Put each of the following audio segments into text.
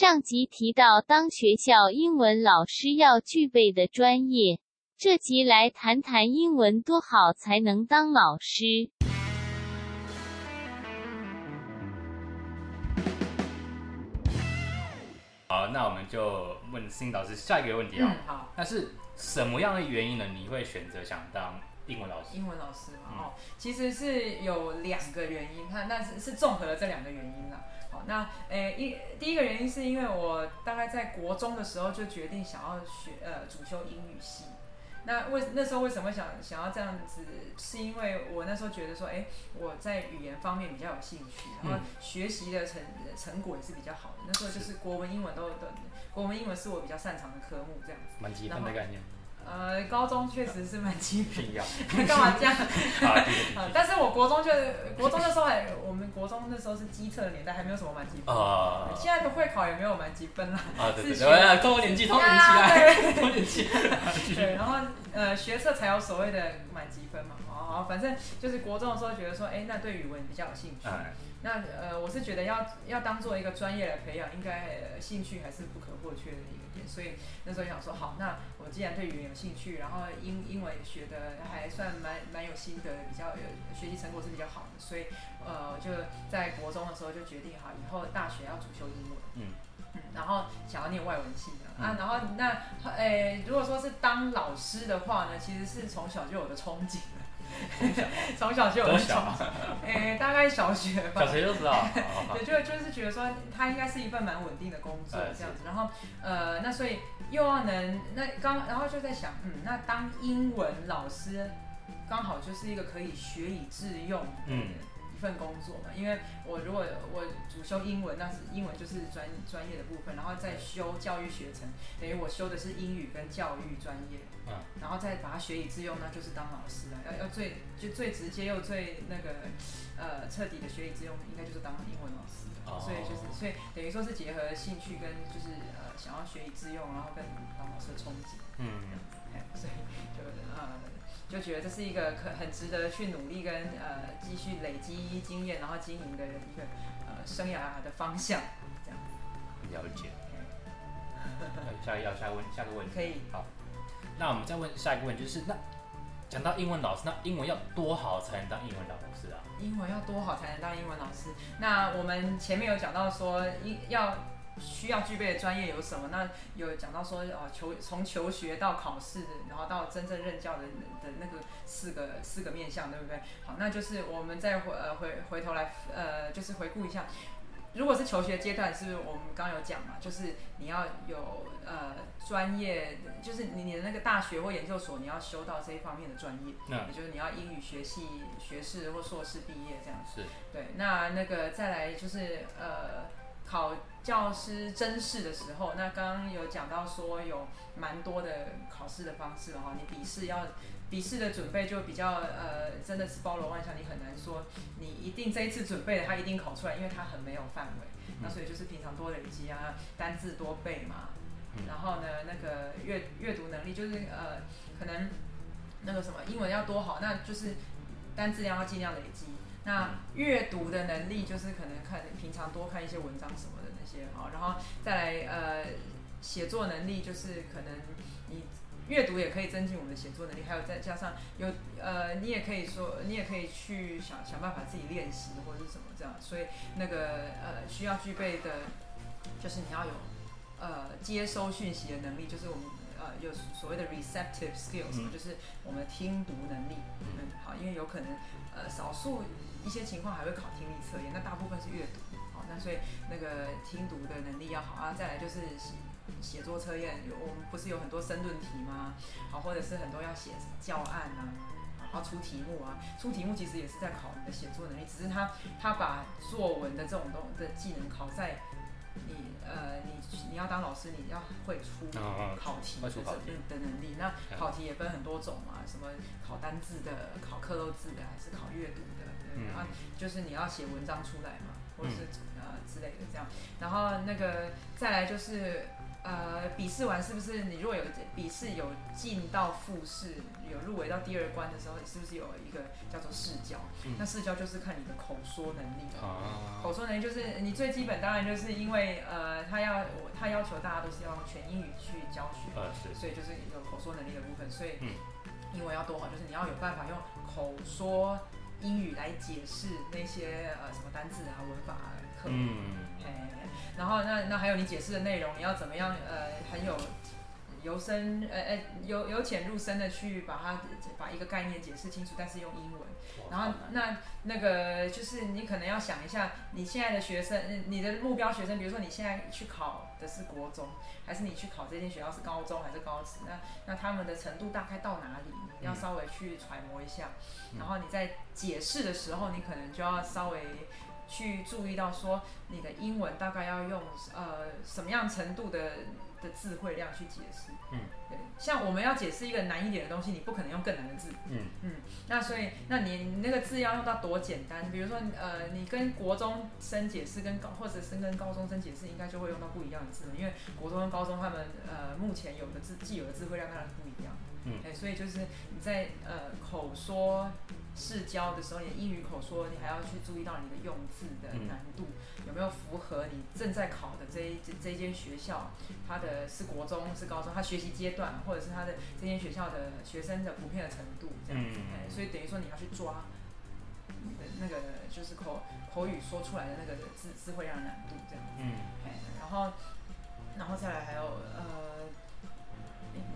上集提到，當學校英文老師要具備的專業，這集來談談英文多好才能當老師。好，那我們就問 Cindy 老師下一個問題啊、哦。好、嗯。那是什麼樣的原因呢？你會選擇想當？英文老師，英文老師嘛，嗯、哦，其實是有兩個原因，他那是是綜合了這兩個原因了。好、哦，那誒，一、欸，第一個原因是因為我大概在國中的時候就決定想要學，呃，主修英語系。那為那時候為什麼想想要這樣子？是因為我那時候覺得說，哎、欸，我在語言方面比較有興趣，然後學習的成成果也是比較好的。那時候就是國文、英文都都，國文、英文是我比較擅長的科目，這樣子。呃，高中確實是滿級分呀，干、啊、 嘛這樣、啊 呃？但是我國中就是國中的時候，哎，我們國中那時候是基測年代，還沒有什麼滿級。哦、啊，現在的會考也沒有滿級分了。啊，對，對，對啊點點來啊，對對。年紀，通年紀啊，對，年 對，然後呃，學測才有所謂的滿級分嘛。哦，反正就是國中的時候覺得說，哎、欸，那對語文比較有興趣。啊、那呃，我是覺得要要當做一個專業來培養，應該、呃、興趣還是不可或缺的一個。所以那時候想說，好，那我既然對語言有興趣，然後英英文學的還算蠻蠻有心得，比較有學習成果是比較好的，所以呃就在國中的時候就決定好，以後大學要主修英文，嗯嗯，然後想要念外文系的、嗯、啊，然後那呃、欸、如果說是當老師的話呢，其實是從小就有的憧憬。從小， 小就有想，誒、欸，大概小學吧，小學就知道 對、就是啊，也就就是覺得說，他應該是一份蠻穩定的工作這樣子，然後，呃，那所以又要能，那剛然後就在想，嗯，那當英文老師，剛好就是一個可以學以致用，嗯。一份工作嘛，因為我如果我主修英文，那是英文就是專專業的部分，然後再修教育學程，等於我修的是英語跟教育專業，啊、嗯，然後再把它學以致用，那就是當老師了、啊。要要最就最直接又最那個呃徹底的學以致用，應該就是當英文老師，哦、所以就是所以等於說是結合興趣跟就是呃想要學以致用，然後跟當老師的憧憬，嗯，哎、嗯，所以就呃。就覺得這是一個可很值得去努力跟呃繼續累積經驗，然後經營的一個呃生涯的方向，這樣子。了解。Okay. 下一個要下,一下一問,下個問題。可以。好，那我們再問下一個問題，就是那講到英文老師，那英文要多好才能當英文老師啊？英文要多好才能當英文老師？那我們前面有講到說英要。需要具備的專業有什麼？那有講到說哦、啊，求從求學到考試，然後到真正任教的的、的那個四個四個面向，對不對？好，那就是我們再回呃回回頭來呃，就是回顧一下，如果是求學階段，是不是我們剛剛有講嘛，就是你要有呃專業，就是你你的那個大學或研究所，你要修到這一方面的專業，也就是你要英語學系學士或碩士畢業這樣子。對。那那個再來就是呃。考教師甄試的時候，那剛剛有講到說有蠻多的考試的方式哈、啊，你筆試要，筆試的準備就比較呃，真的是包羅萬象，你很難說你一定這一次準備的他一定考出來，因為他很沒有範圍，那所以就是平常多累積啊，單字多背嘛，然後呢那個閱閱讀能力就是呃可能那個什麼英文要多好，那就是單字量要盡量累積。那閱讀的能力就是可能看平常多看一些文章什麼的那些好，然後再來呃，寫作能力就是可能你閱讀也可以增進我們的寫作能力，還有再加上有呃，你也可以說你也可以去想想辦法自己練習或者是什麼這樣，所以那個呃需要具備的就是你要有呃接收訊息的能力，就是我們呃有所謂的 receptive skills，就是我們聽讀能力，嗯，嗯好，因為有可能呃少數。一些情況還會考聽力測驗，那大部分是閱讀，好，那所以那個聽讀的能力要好啊。再來就是寫作測驗，我們、哦、不是有很多申論題嗎？好，或者是很多要寫教案啊，然後、啊、出題目啊，出題目其實也是在考你的寫作能力，只是他他把作文的這種東的技能考在你呃你你要當老師，你要會出考題的能力啊。那考題也分很多種啊，什麼考單字的，考克漏字的，還是考閱讀。啊、嗯，然後就是你要寫文章出來嘛，嗯、或者是啊、呃、之類的這樣。然後那個再來就是，呃，筆試完是不是你如果有筆試有進到複試，有入圍到第二關的時候，是不是有一個叫做試教、嗯、那試教就是看你的口說能力。啊，口說能力就是你最基本，當然就是因為呃，他要他要求大家都是要用全英語去教學，啊、是，所以就是有口說能力的部分，所以英文要多好，就是你要有辦法用口說。英語來解釋那些呃什麼單字啊、文法、課文、嗯欸，然後那那還有你解釋的內容，你要怎麼樣呃很有。由深呃呃由由淺入深的去把它把一個概念解釋清楚，但是用英文。然後那那個就是你可能要想一下，你現在的學生，你的目標學生，比如說你現在去考的是國中，還是你去考這間學校是高中還是高職？那那他們的程度大概到哪裡？你要稍微去揣摩一下。嗯，然後你在解釋的時候，你可能就要稍微去注意到說，你的英文大概要用呃什麼樣程度的？的字彙量去解釋，嗯，對，像我們要解釋一個難一點的東西，你不可能用更難的字，嗯嗯，那所以，那你那個字要用到多簡單？比如說，呃，你跟國中生解釋，跟高，或者是跟高中生解釋，應該就會用到不一樣的字，因為國中跟高中他們呃目前有的字，既有的字彙量當然不一樣。哎、okay, 嗯，所以就是你在呃口說試教的時候、嗯，你的英語口說，你還要去注意到你的用字的難度、嗯、有沒有符合你正在考的這一這這間學校，他的是國中、嗯、是高中，他學習階段或者是他的這間學校的學生的普遍的程度這樣子，哎、嗯，okay, 所以等於說你要去抓，那個就是口口語說出來的那個字詞讓人難度這樣，嗯，哎、okay，然後然後再來還有呃。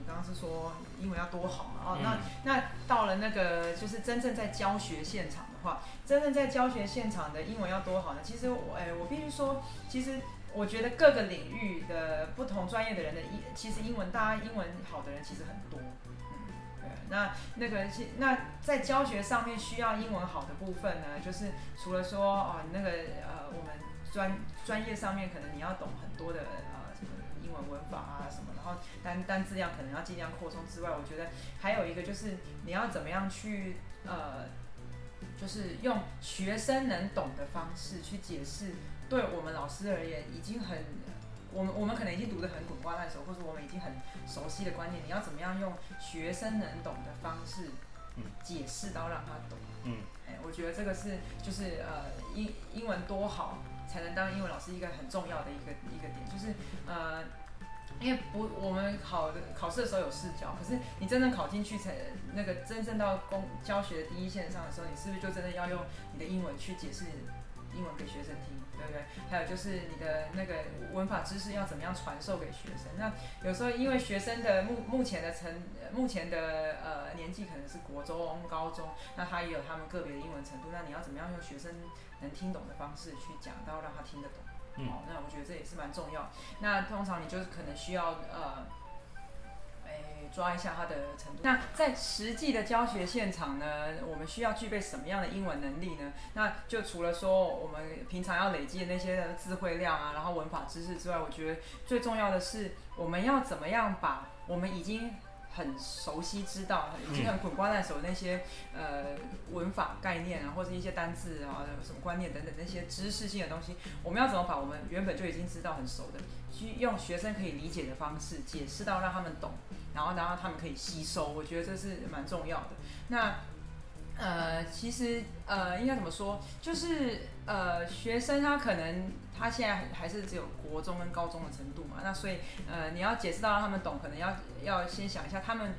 剛剛是說英文要多好嘛？哦，那那到了那個就是真正在教學現場的話，真正在教學現場的英文要多好呢？其實我哎，我必須說，其實我覺得各個領域的不同專業的人的英，其實英文大家英文好的人其實很多。嗯，對，嗯，那那個那在教學上面需要英文好的部分呢，就是除了說哦，那個呃，我們專專業上面可能你要懂很多的啊。呃文法啊什麼，然後單單字量可能要盡量擴充之外，我覺得還有一個就是你要怎麼樣去呃，就是用學生能懂的方式去解釋，對我們老師而言已經很我們我們可能已經讀得很滾瓜爛熟，或者我們已經很熟悉的觀念，你要怎麼樣用學生能懂的方式，解釋到讓他懂，嗯，哎，我覺得這個是就是呃英英文多好才能當英文老師一個很重要的一個一個點，就是呃。因為不，我們考考試的時候有試講，可是你真正考進去才，才那個真正到公教學的第一線上的時候，你是不是就真的要用你的英文去解釋英文給學生聽，對不對？還有就是你的那個文法知識要怎麼樣傳授給學生？那有時候因為學生的目目前的成、呃、目前的呃年紀可能是國中高中，那他也有他們個別的英文程度，那你要怎麼樣用學生能聽懂的方式去講，到讓他聽得懂？好、哦，那我覺得這也是蠻重要。那通常你就是可能需要呃，哎，抓一下它的程度。那在實際的教學現場呢，我們需要具備什麼樣的英文能力呢？那就除了說我們平常要累積的那些詞彙量啊，然後文法知識之外，我覺得最重要的是我們要怎麼樣把我們已經很熟悉，知道已經很滾瓜爛熟的那些呃文法概念啊，或者一些單字啊，什麼觀念等等那些知識性的東西，我們要怎麼把我們原本就已經知道很熟的，去用學生可以理解的方式解釋到讓他們懂，然後然後他們可以吸收，我覺得這是蠻重要的。那呃，其實呃，應該怎麼說，就是呃，學生他可能。他、啊、現在還是只有國中跟高中的程度嘛，那所以呃，你要解釋到讓他們懂，可能要要先想一下他們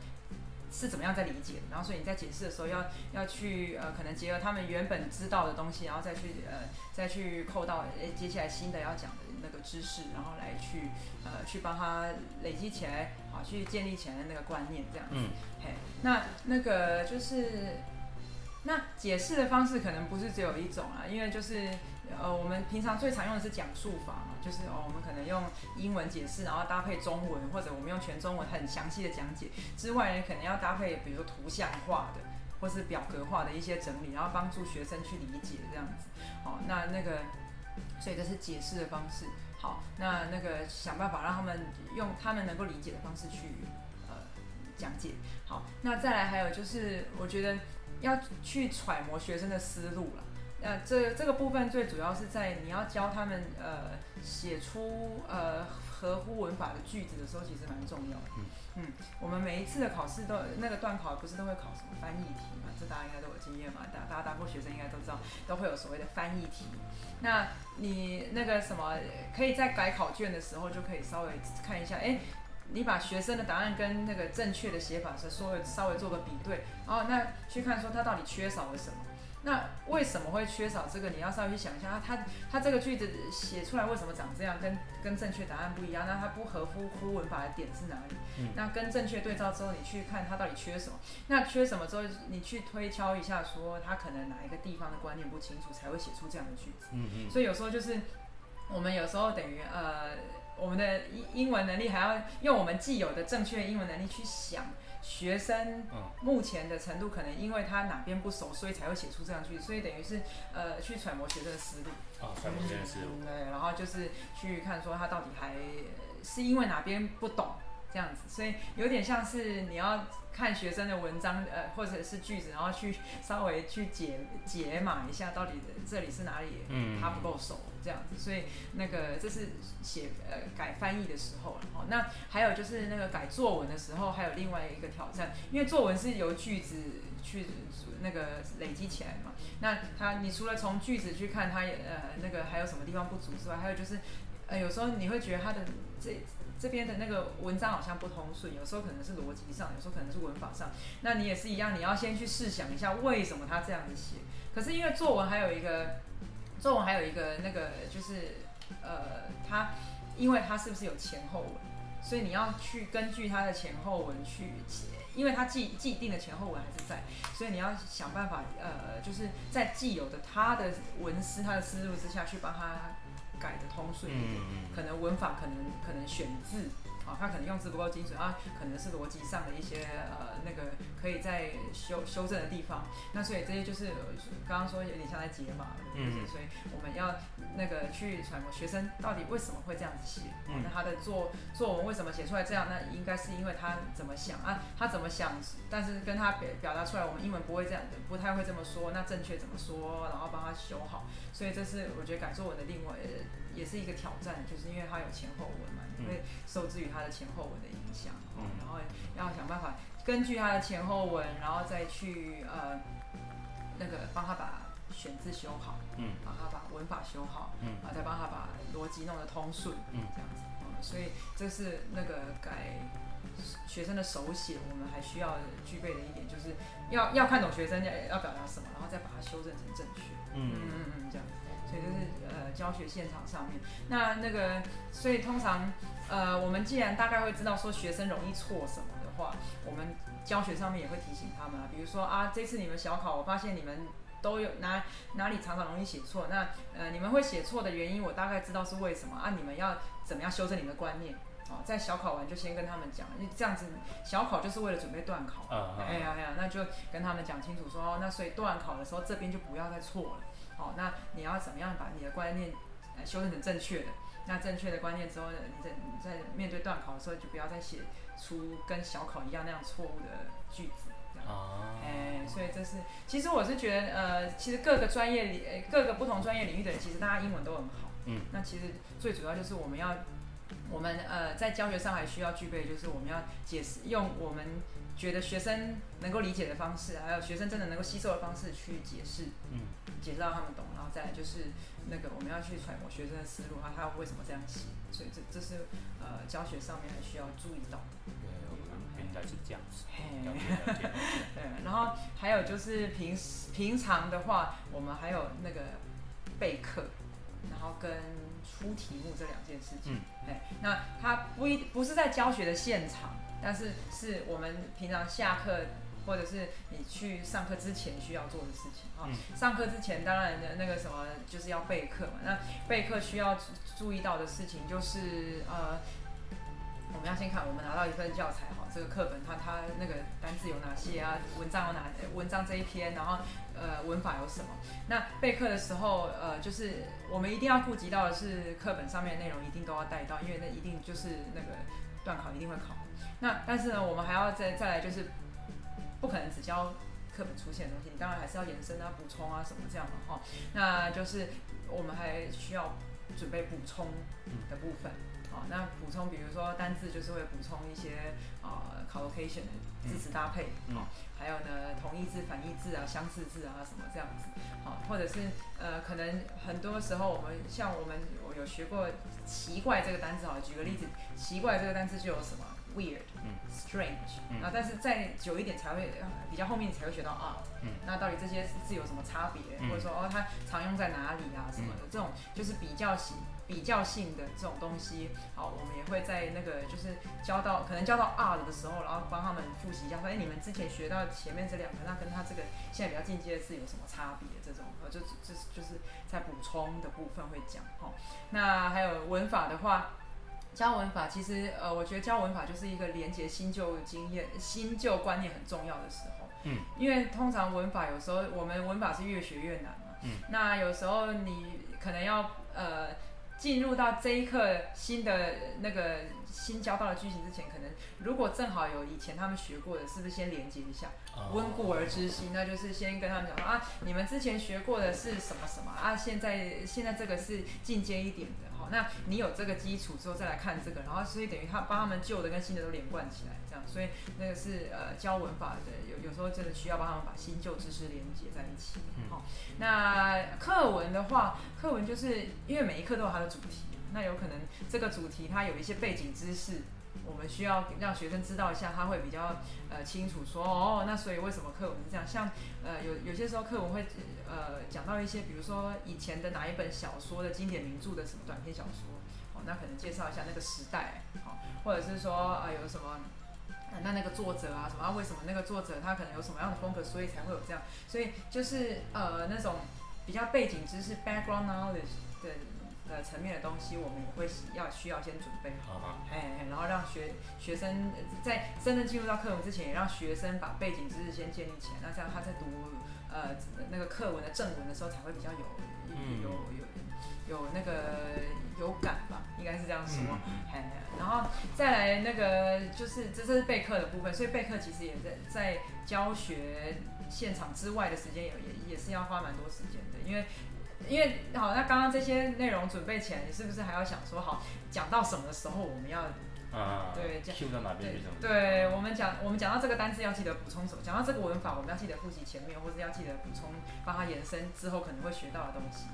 是怎麼樣在理解的，然後所以你在解釋的時候要要去呃，可能結合他們原本知道的東西，然後再去呃，再去扣到、欸、接下來新的要講的那個知識，然後來去呃，去幫他累積起來，好，去建立起來的那個觀念這樣子。嗯，嘿，那那個就是，那解釋的方式可能不是只有一種啊，因為就是。呃，我們平常最常用的是講述法嘛，就是哦，我們可能用英文解釋，然後搭配中文，或者我們用全中文很詳細的講解之外呢，可能要搭配比如說圖像化的，或是表格化的一些整理，然後幫助學生去理解這樣子。好，那那個，所以這是解釋的方式。好，那那個想辦法讓他們用他們能夠理解的方式去呃講解。好，那再來還有就是，我覺得要去揣摩學生的思路啦。那這這個部分最主要是在你要教他們呃寫出呃合乎文法的句子的時候，其實蠻重要的。嗯，我們每一次的考試都那個段考不是都會考什麼翻譯題嘛？這大家應該都有經驗嘛？大大家當過學生應該都知道，都會有所謂的翻譯題。那你那個什麼，可以在改考卷的時候就可以稍微看一下，哎、欸，你把學生的答案跟那個正確的寫法是稍微稍微做個比對，然後那去看說他到底缺少了什麼。那為什麼會缺少這個？你要稍微去想一下，他他他這個句子寫出來為什麼長這樣，跟跟正確答案不一樣？那它不合乎乎文法的點是哪裡？嗯。那跟正確對照之後，你去看它到底缺什麼？那缺什麼之後，你去推敲一下說，說他可能哪一個地方的觀念不清楚，才會寫出這樣的句子。嗯嗯。所以有時候就是我們有時候等於呃，我們的英英文能力還要用我們既有的正確英文能力去想。學生目前的程度，可能因為他哪邊不熟，所以才會寫出這樣句子。所以等於是，呃，去揣摩學生的思路啊，揣摩學生的思路。對，然後就是去看說他到底還是因為哪邊不懂這樣子。所以有點像是你要看學生的文章，呃，或者是句子，然後去稍微去解解碼一下，到底這裡是哪裡，嗯，他不夠熟。這樣子，所以那個這是寫呃，改翻譯的時候了哈。那還有就是那個改作文的時候，還有另外一個挑戰，因為作文是由句子去那個累積起來嘛。那他你除了從句子去看他也呃，那個還有什麼地方不足之外，還有就是呃，有時候你會覺得他的這這邊的那個文章好像不通順，有時候可能是邏輯上，有時候可能是文法上。那你也是一樣，你要先去試想一下為什麼他這樣子寫。可是因為作文還有一個。作文還有一個那個就是，呃，他因為他是不是有前後文，所以你要去根據他的前後文去寫，因為他既既定的前後文還是在，所以你要想辦法，呃，就是在既有的他的文思、他的思路之下去幫他。改的通順一點，可能文法可能可能選字啊，他可能用字不夠精準啊，可能是邏輯上的一些呃那個可以再修修正的地方。那所以這些就是剛剛、呃、說有點像在解碼的東西，所以我們要那個去揣摩學生到底為什麼會這樣子寫，啊，那他的作作文為什麼寫出來這樣？那應該是因為他怎麼想啊，他怎麼想？但是跟他表表達出來，我們英文不會這樣的，不太會這麼說。那正確怎麼說？然後幫他修好。所以這是我覺得改作文的另外。也是一個挑戰，就是因為他有前後文嘛，你會受制於他的前後文的影響。嗯，然後要想辦法根據他的前後文，然後再去呃那個幫他把選字修好，嗯，幫他把文法修好，嗯，啊，再幫他把邏輯弄得通順，嗯，這樣子，嗯，所以這是那個改學生的手寫，我們還需要具備的一點，就是要要看懂學生要要表達什麼，然後再把它修正成正確，嗯嗯嗯，這樣子。對，就是呃教學現場上面，那那個，所以通常呃我們既然大概會知道說學生容易錯什麼的話，我們教學上面也會提醒他們、啊，比如說啊這次你們小考，我發現你們都有哪哪裡常常容易寫錯，那呃你們會寫錯的原因我大概知道是為什麼啊，你們要怎麼樣修正你的觀念哦、啊，在小考完就先跟他們講，因為這樣子小考就是為了準備段考，啊、哎呀、啊、哎呀，那就跟他們講清楚說哦，那所以段考的時候這邊就不要再錯了。那你要怎麼樣把你的觀念修正成正確的？那正確的觀念之後，你在你在面對段考的時候，就不要再寫出跟小考一樣那樣錯誤的句子。這樣，哦，哎、Oh. 欸，所以這是，其實我是覺得，呃，其實各個專業裡、呃，各個不同專業領域的人，其實大家英文都很好。嗯，那其實最主要就是我們要，我們呃，在教學上還需要具備，就是我們要解釋用我們。覺得學生能夠理解的方式，還有學生真的能夠吸收的方式去解釋，嗯，解釋到他們懂，然後再來，就是那個我們要去揣摩學生的思路，他他為什麼這樣寫，所以這這是呃教學上面還需要注意到的，對，我覺得應該是這樣子，嘿，了解 對，然後還有就是平時、嗯、平常的話，我們還有那個備課，然後跟出題目這兩件事情、嗯，對，那他不一不是在教學的現場。但是是我們平常下課，或者是你去上課之前需要做的事情啊、哦。上課之前，當然的那個什麼，就是要備課嘛。那備課需要注意到的事情，就是呃，我們要先看我們拿到一份教材哈、哦，這個課本它它那個單字有哪些啊？文章有哪文章這一篇，然後呃，文法有什麼？那備課的時候，呃，就是我們一定要顧及到的是課本上面的內容，一定都要帶到，因為那一定就是那個段考一定會考。那但是呢，我們還要再再來，就是不可能只教課本出現的東西，當然還是要延伸啊、補充啊什麼這樣的哈、哦。那就是我們還需要準備補充的部分啊、哦。那補充，比如說單字，就是會補充一些啊、呃、，collocation 的字詞搭配，嗯，嗯哦、還有呢同義字、反義字啊、相似字啊什麼這樣子，好、哦，或者是呃，可能很多時候我們像我們我有學過奇怪這個單字，好，舉個例子，奇怪這個單字就有什麼？weird，strange，、嗯嗯、啊，但是再久一點才會比較後面你才會學到 art，、嗯、那到底這些字有什麼差別、嗯，或者說哦它常用在哪裡啊什麼的、嗯，這種就是比較性比較性的這種東西，好，我們也會在那個就是教到可能教到 art 的時候，然後幫他們複習一下，說哎、欸、你們之前學到前面這兩個，那跟它這個現在比較進階的字有什麼差別？這種，就就是就是在補充的部分會講哈。那還有文法的話。教文法其實，呃，我覺得教文法就是一個連接新舊經驗、新舊觀念很重要的時候。嗯，因為通常文法有時候我們文法是越學越難嘛。嗯，那有時候你可能要呃進入到這一課新的那個新教到的劇情之前，可能如果正好有以前他們學過的，是不是先連接一下？溫故而知新，哦、那就是先跟他們講說啊，你們之前學過的是什麼什麼啊？現在現在這個是進階一點的。那你有這個基礎之後，再來看這個，然後所以等於他幫他們舊的跟新的都連貫起來，這樣，所以那個是呃教文法的，有有時候真的需要幫他們把新舊知識連結在一起。好、嗯，那課文的話，課文就是因為每一課都有它的主題、啊，那有可能這個主題它有一些背景知識。我們需要讓學生知道一下，他會比較呃清楚說哦，那所以為什麼課文是這樣？像呃有有些時候課文會呃講到一些，比如說以前的哪一本小說的經典名著的什麼短篇小說，哦，那可能介紹一下那個時代，哦，或者是說啊、呃、有什麼那那個作者啊什麼啊為什麼那個作者他可能有什麼樣的風格，所以才會有這樣，所以就是呃那種比較背景知識 background knowledge 對。呃，層面的東西，我們也會要需要先準備好吧，嘿、欸，然後讓學學生在真正進入到課文之前，也讓學生把背景知識先建立起來，那這樣他在讀呃那個課文的正文的時候，才會比較有有有有，有那個有感吧，應該是這樣說，嘿、嗯欸，然後再來那個就是這這是備課的部分，所以備課其實也在在教學現場之外的時間也也也是要花蠻多時間的，因為。因為好，那剛剛這些內容準備起來，你是不是還要想說，好講到什麼時候我們要啊？對，修到哪邊去？對我們講，我們講到這個單字要記得補充什麼？講到這個文法，我們要記得複習前面，或者要記得補充，幫他延伸之後可能會學到的東西。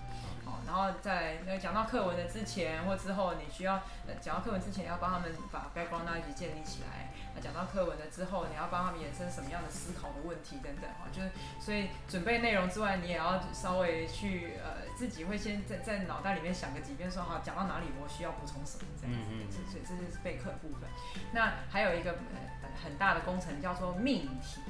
好，然後在那講到課文的之前或之後，你需要呃，講到課文之前，要幫他們把 background 建立起來。講到課文了之後，你要幫他們延伸什麼樣的思考的問題等等哈，就是所以準備內容之外，你也要稍微去呃自己會先在在腦袋裡面想個幾遍說，說好講到哪裡我需要補充什麼這樣子，嗯嗯嗯，所以這就是備課部分。那還有一個，呃，很大的工程叫做命題。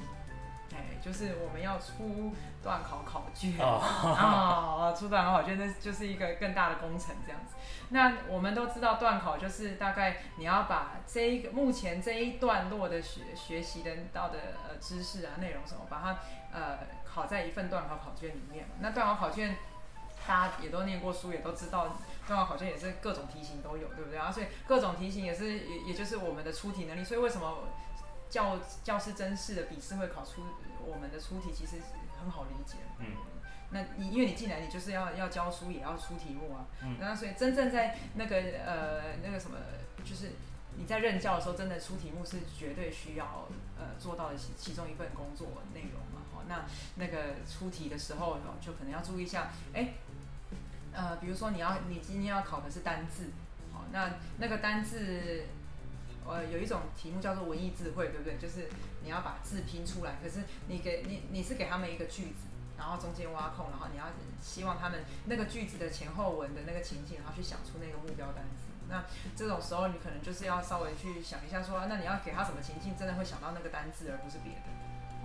哎，就是我們要出段考考卷。Oh. 哦，出段考考卷，那就是一個更大的工程這樣子。那我們都知道，段考就是大概你要把這一個目前這一段落的學學習的到的呃知識啊內容什麼，把它呃考在一份段考考卷裡面。那段考考卷大家也都念過書，也都知道，段考考卷也是各種題型都有，對不對啊？所以各種題型也是也也就是我們的出題能力。所以為什麼？教教師甄試的筆試會考出我們的出題，其實很好理解嗯。嗯，那你因為你進來，你就是要要教書，也要出題目啊。嗯，那所以真正在那個呃那個什麼，就是你在任教的時候，真的出題目是絕對需要呃做到的其、其中一份工作內容嘛。好，那那個出題的時候，就可能要注意一下，誒、欸，呃，比如說你要你今天要考的是單字，好，那那個單字。呃，有一種題目叫做文藝智慧，對不對？就是你要把字拼出來，可是你給你你是給他們一個句子，然後中間挖空，然後你要希望他們那個句子的前後文的那個情境，然後去想出那個目標單詞。那這種時候，你可能就是要稍微去想一下說，說那你要給他什麼情境，真的會想到那個單字，而不是別的。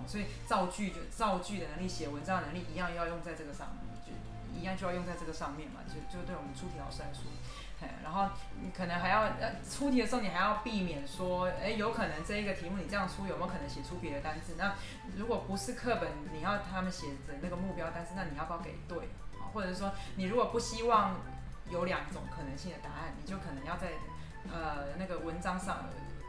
哦，所以造句就造句的能力，寫文章的能力，一樣要用在這個上面，就一樣就要用在這個上面嘛。就就對我們出題老師來說。嗯、然後你可能還要呃出題的時候，你還要避免說，誒、欸，有可能這一個題目你這樣出，有沒有可能寫出別的單字？那如果不是課本，你要他們寫着那個目標單詞，那你要不要給，對？啊，或者是說你如果不希望有兩種可能性的答案，你就可能要在呃那個文章上。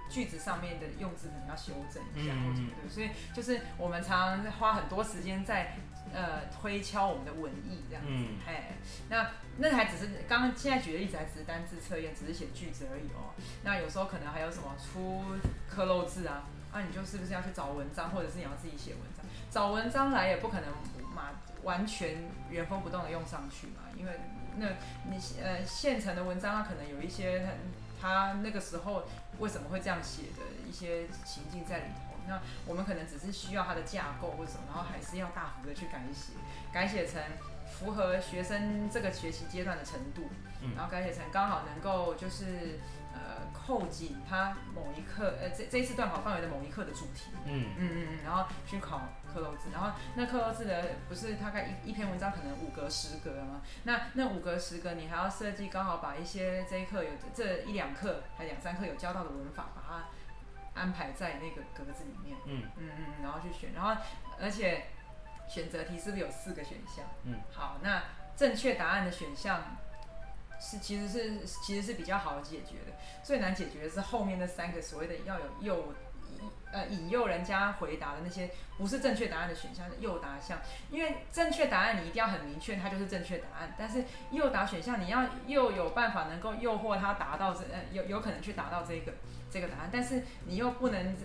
句子上面的用字可能要修正一下，或者什麼的，所以就是我們常常花很多時間在呃推敲我們的文意這樣子。嗯嗯嘿嘿嘿那那還只是剛剛現在舉的例子，還只是單字測驗，只是寫句子而已哦。那有時候可能還有什麼出克漏字啊，那、啊、你就是不是要去找文章，或者是你要自己寫文章？找文章來也不可能嘛，完全原封不動的用上去嘛，因為那你呃現成的文章，它可能有一些它,它那個時候。為什麼會這樣寫的一些情境在裡頭？那我們可能只是需要它的架構或者，然後還是要大幅的去改寫，改寫成符合學生這個學習階段的程度，然後改寫成剛好能夠就是。呃，扣緊它某一課，呃，這這一次段考範圍的某一課的主題。嗯嗯嗯，然後去考克漏字。然後那克漏字的不是大概一一篇文章可能五格十格嗎？啊？那那五格十格，你還要設計剛好把一些這一課有這一兩課還兩三課有教到的文法，把它安排在那個格子裡面。嗯嗯嗯，嗯，然後去選，然後而且選擇題是不是有四個選項？嗯，好，那正確答案的選項。是，其實是其實是比較好解決的。最難解決的是後面那三個所謂的要有誘，呃，引誘人家回答的那些不是正確答案的選項的誘答項。因為正確答案你一定要很明確，它就是正確答案。但是誘答選項你要又有辦法能夠誘惑他達到這，呃，有有可能去達到這個這個答案，但是你又不能。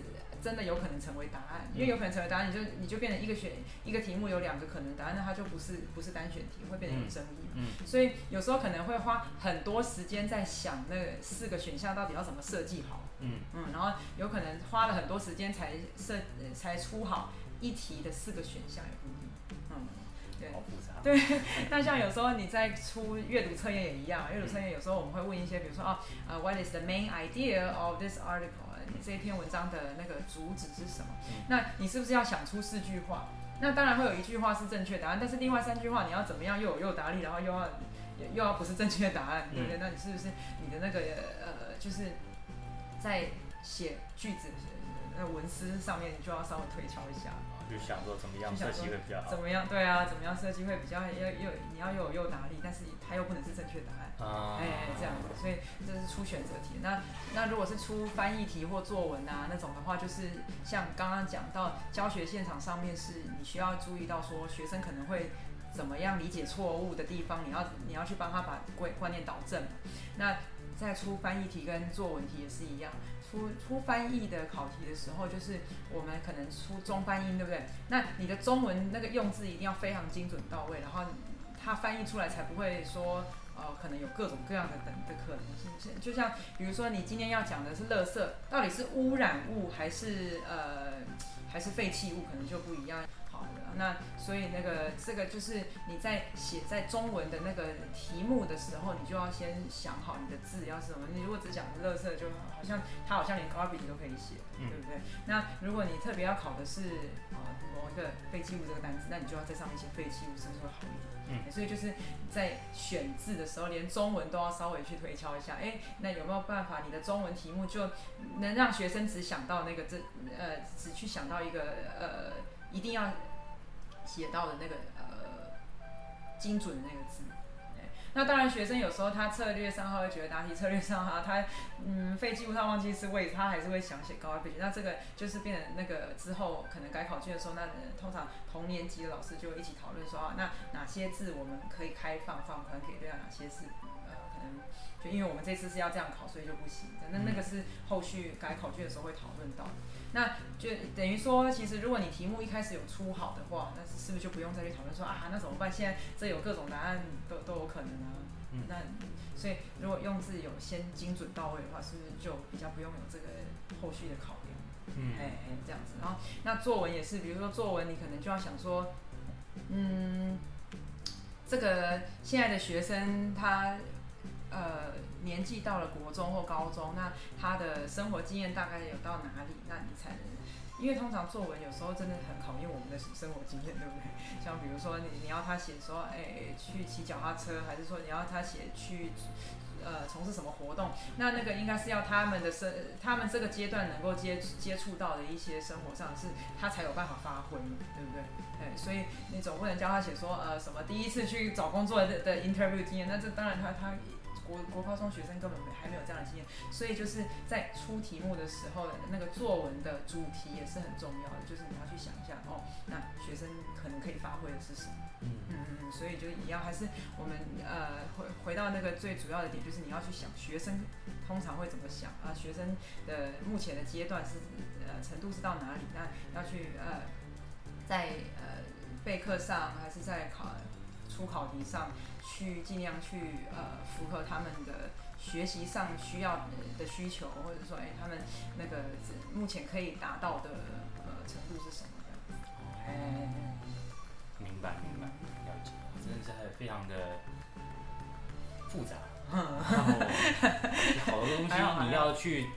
真的有可能成為答案，因為有可能成為答案，你就你就變成一個選一個題目有兩個可能答案，那它就不是不是單選題，會變得有爭議嘛嗯。嗯。所以有時候可能會花很多時間在想那個四個選項到底要怎麼設計好。嗯嗯。然後有可能花了很多時間才設、呃，才出好一題的四個選項也不一樣。嗯。對。好複雜。對。那像有時候你在出閱讀測驗也一樣，閱讀測驗有時候我們會問一些，比如說、嗯、啊，What is the main idea of this article？這篇文章的那個主旨是什麼？那你是不是要想出四句話？那當然會有一句話是正確答案，但是另外三句話你要怎麼樣又有誘導力，然後又要又要不是正確的答案？對、嗯、不對？那你是不是你的那個呃，就是在寫句子那文思上面，你就要稍微推敲一下。就想說怎麼樣設計會比較好怎？怎麼樣？對啊，怎麼樣設計會比較又又你要又有誘答力，但是它又不能是正確答案。啊、哎，哎，這樣子，所以這是出選擇題。那那如果是出翻譯題或作文啊那種的話，就是像剛剛講到教學現場上面，是你需要注意到說學生可能會怎麼樣理解錯誤的地方，你要你要去幫他把觀觀念導正。那再出翻譯題跟作文題也是一樣。出出翻譯的考題的時候，就是我們可能出中翻英，對不對？那你的中文那個用字一定要非常精準到位，然後它翻譯出來才不會說，呃，可能有各種各樣的等的可能性。就像比如說，你今天要講的是“垃圾”，到底是污染物還是呃還是廢棄物，可能就不一樣。那所以那個這個就是你在寫在中文的那個題目的時候，你就要先想好你的字要是什麼。你如果只講樂色，就好像他好像連鋼筆 y 都可以寫，嗯、對不對？那如果你特別要考的是某一個廢棄物這個單字，那你就要在上面寫廢棄物，是不是會好一點？嗯，所以就是在選字的時候，連中文都要稍微去推敲一下。哎、欸，那有沒有辦法，你的中文題目就能讓學生只想到那個這呃，只去想到一個呃，一定要。寫到的那個呃，精準的那個字，那當然學生有時候他策略上哈，會覺得答題策略上哈，他嗯費勁不上忘記是位，他還是會想寫高二費勁。那這個就是變成那個之後可能改考卷的時候，那通常同年級的老師就會一起討論說啊，那哪些字我們可以開放放寬給，對啊，哪些字呃可能。就因為我們這次是要這樣考，所以就不行。那那個是後續改考卷的時候會討論到。那就等於說，其實如果你題目一開始有出好的話，那是不是就不用再去討論說啊？那怎麼辦？現在這有各種答案都都有可能啊。嗯、那所以如果用字有先精準到位的話，是不是就比較不用有這個後續的考量？嗯、欸，這樣子。然後那作文也是，比如說作文，你可能就要想說，嗯，這個現在的學生他。呃，年紀到了國中或高中，那他的生活經驗大概有到哪裡？那你才能，因為通常作文有時候真的很考驗我們的生活經驗，對不對？像比如說你，你你要他寫說，哎、欸，去騎腳踏車，還是說你要他寫去，呃，從事什麼活動？那那個應該是要他們的生，他們這個階段能夠接接觸到的一些生活上，是他才有辦法發揮嘛，對不對？對、欸、所以你總不能教他寫說，呃，什麼第一次去找工作的的 interview 經驗，那這當然他他。國國高中學生根本沒還沒有這樣的經驗，所以就是在出題目的時候，那個作文的主題也是很重要的，就是你要去想一下哦，那學生可能可以發揮的是什麼？嗯嗯嗯，所以就一樣，還是我們呃回回到那個最主要的點，就是你要去想學生通常會怎麼想啊？學生的目前的階段是呃程度是到哪裡？那要去呃在呃備課上還是在考出考題上？去盡量去呃符合他們的學習上需要的，的需求，或者說哎、欸、他們那個目前可以達到的、呃、程度是什麼？哦，明白、嗯、明白，了解，真的是很非常的複雜，嗯、然後有好多東西你要去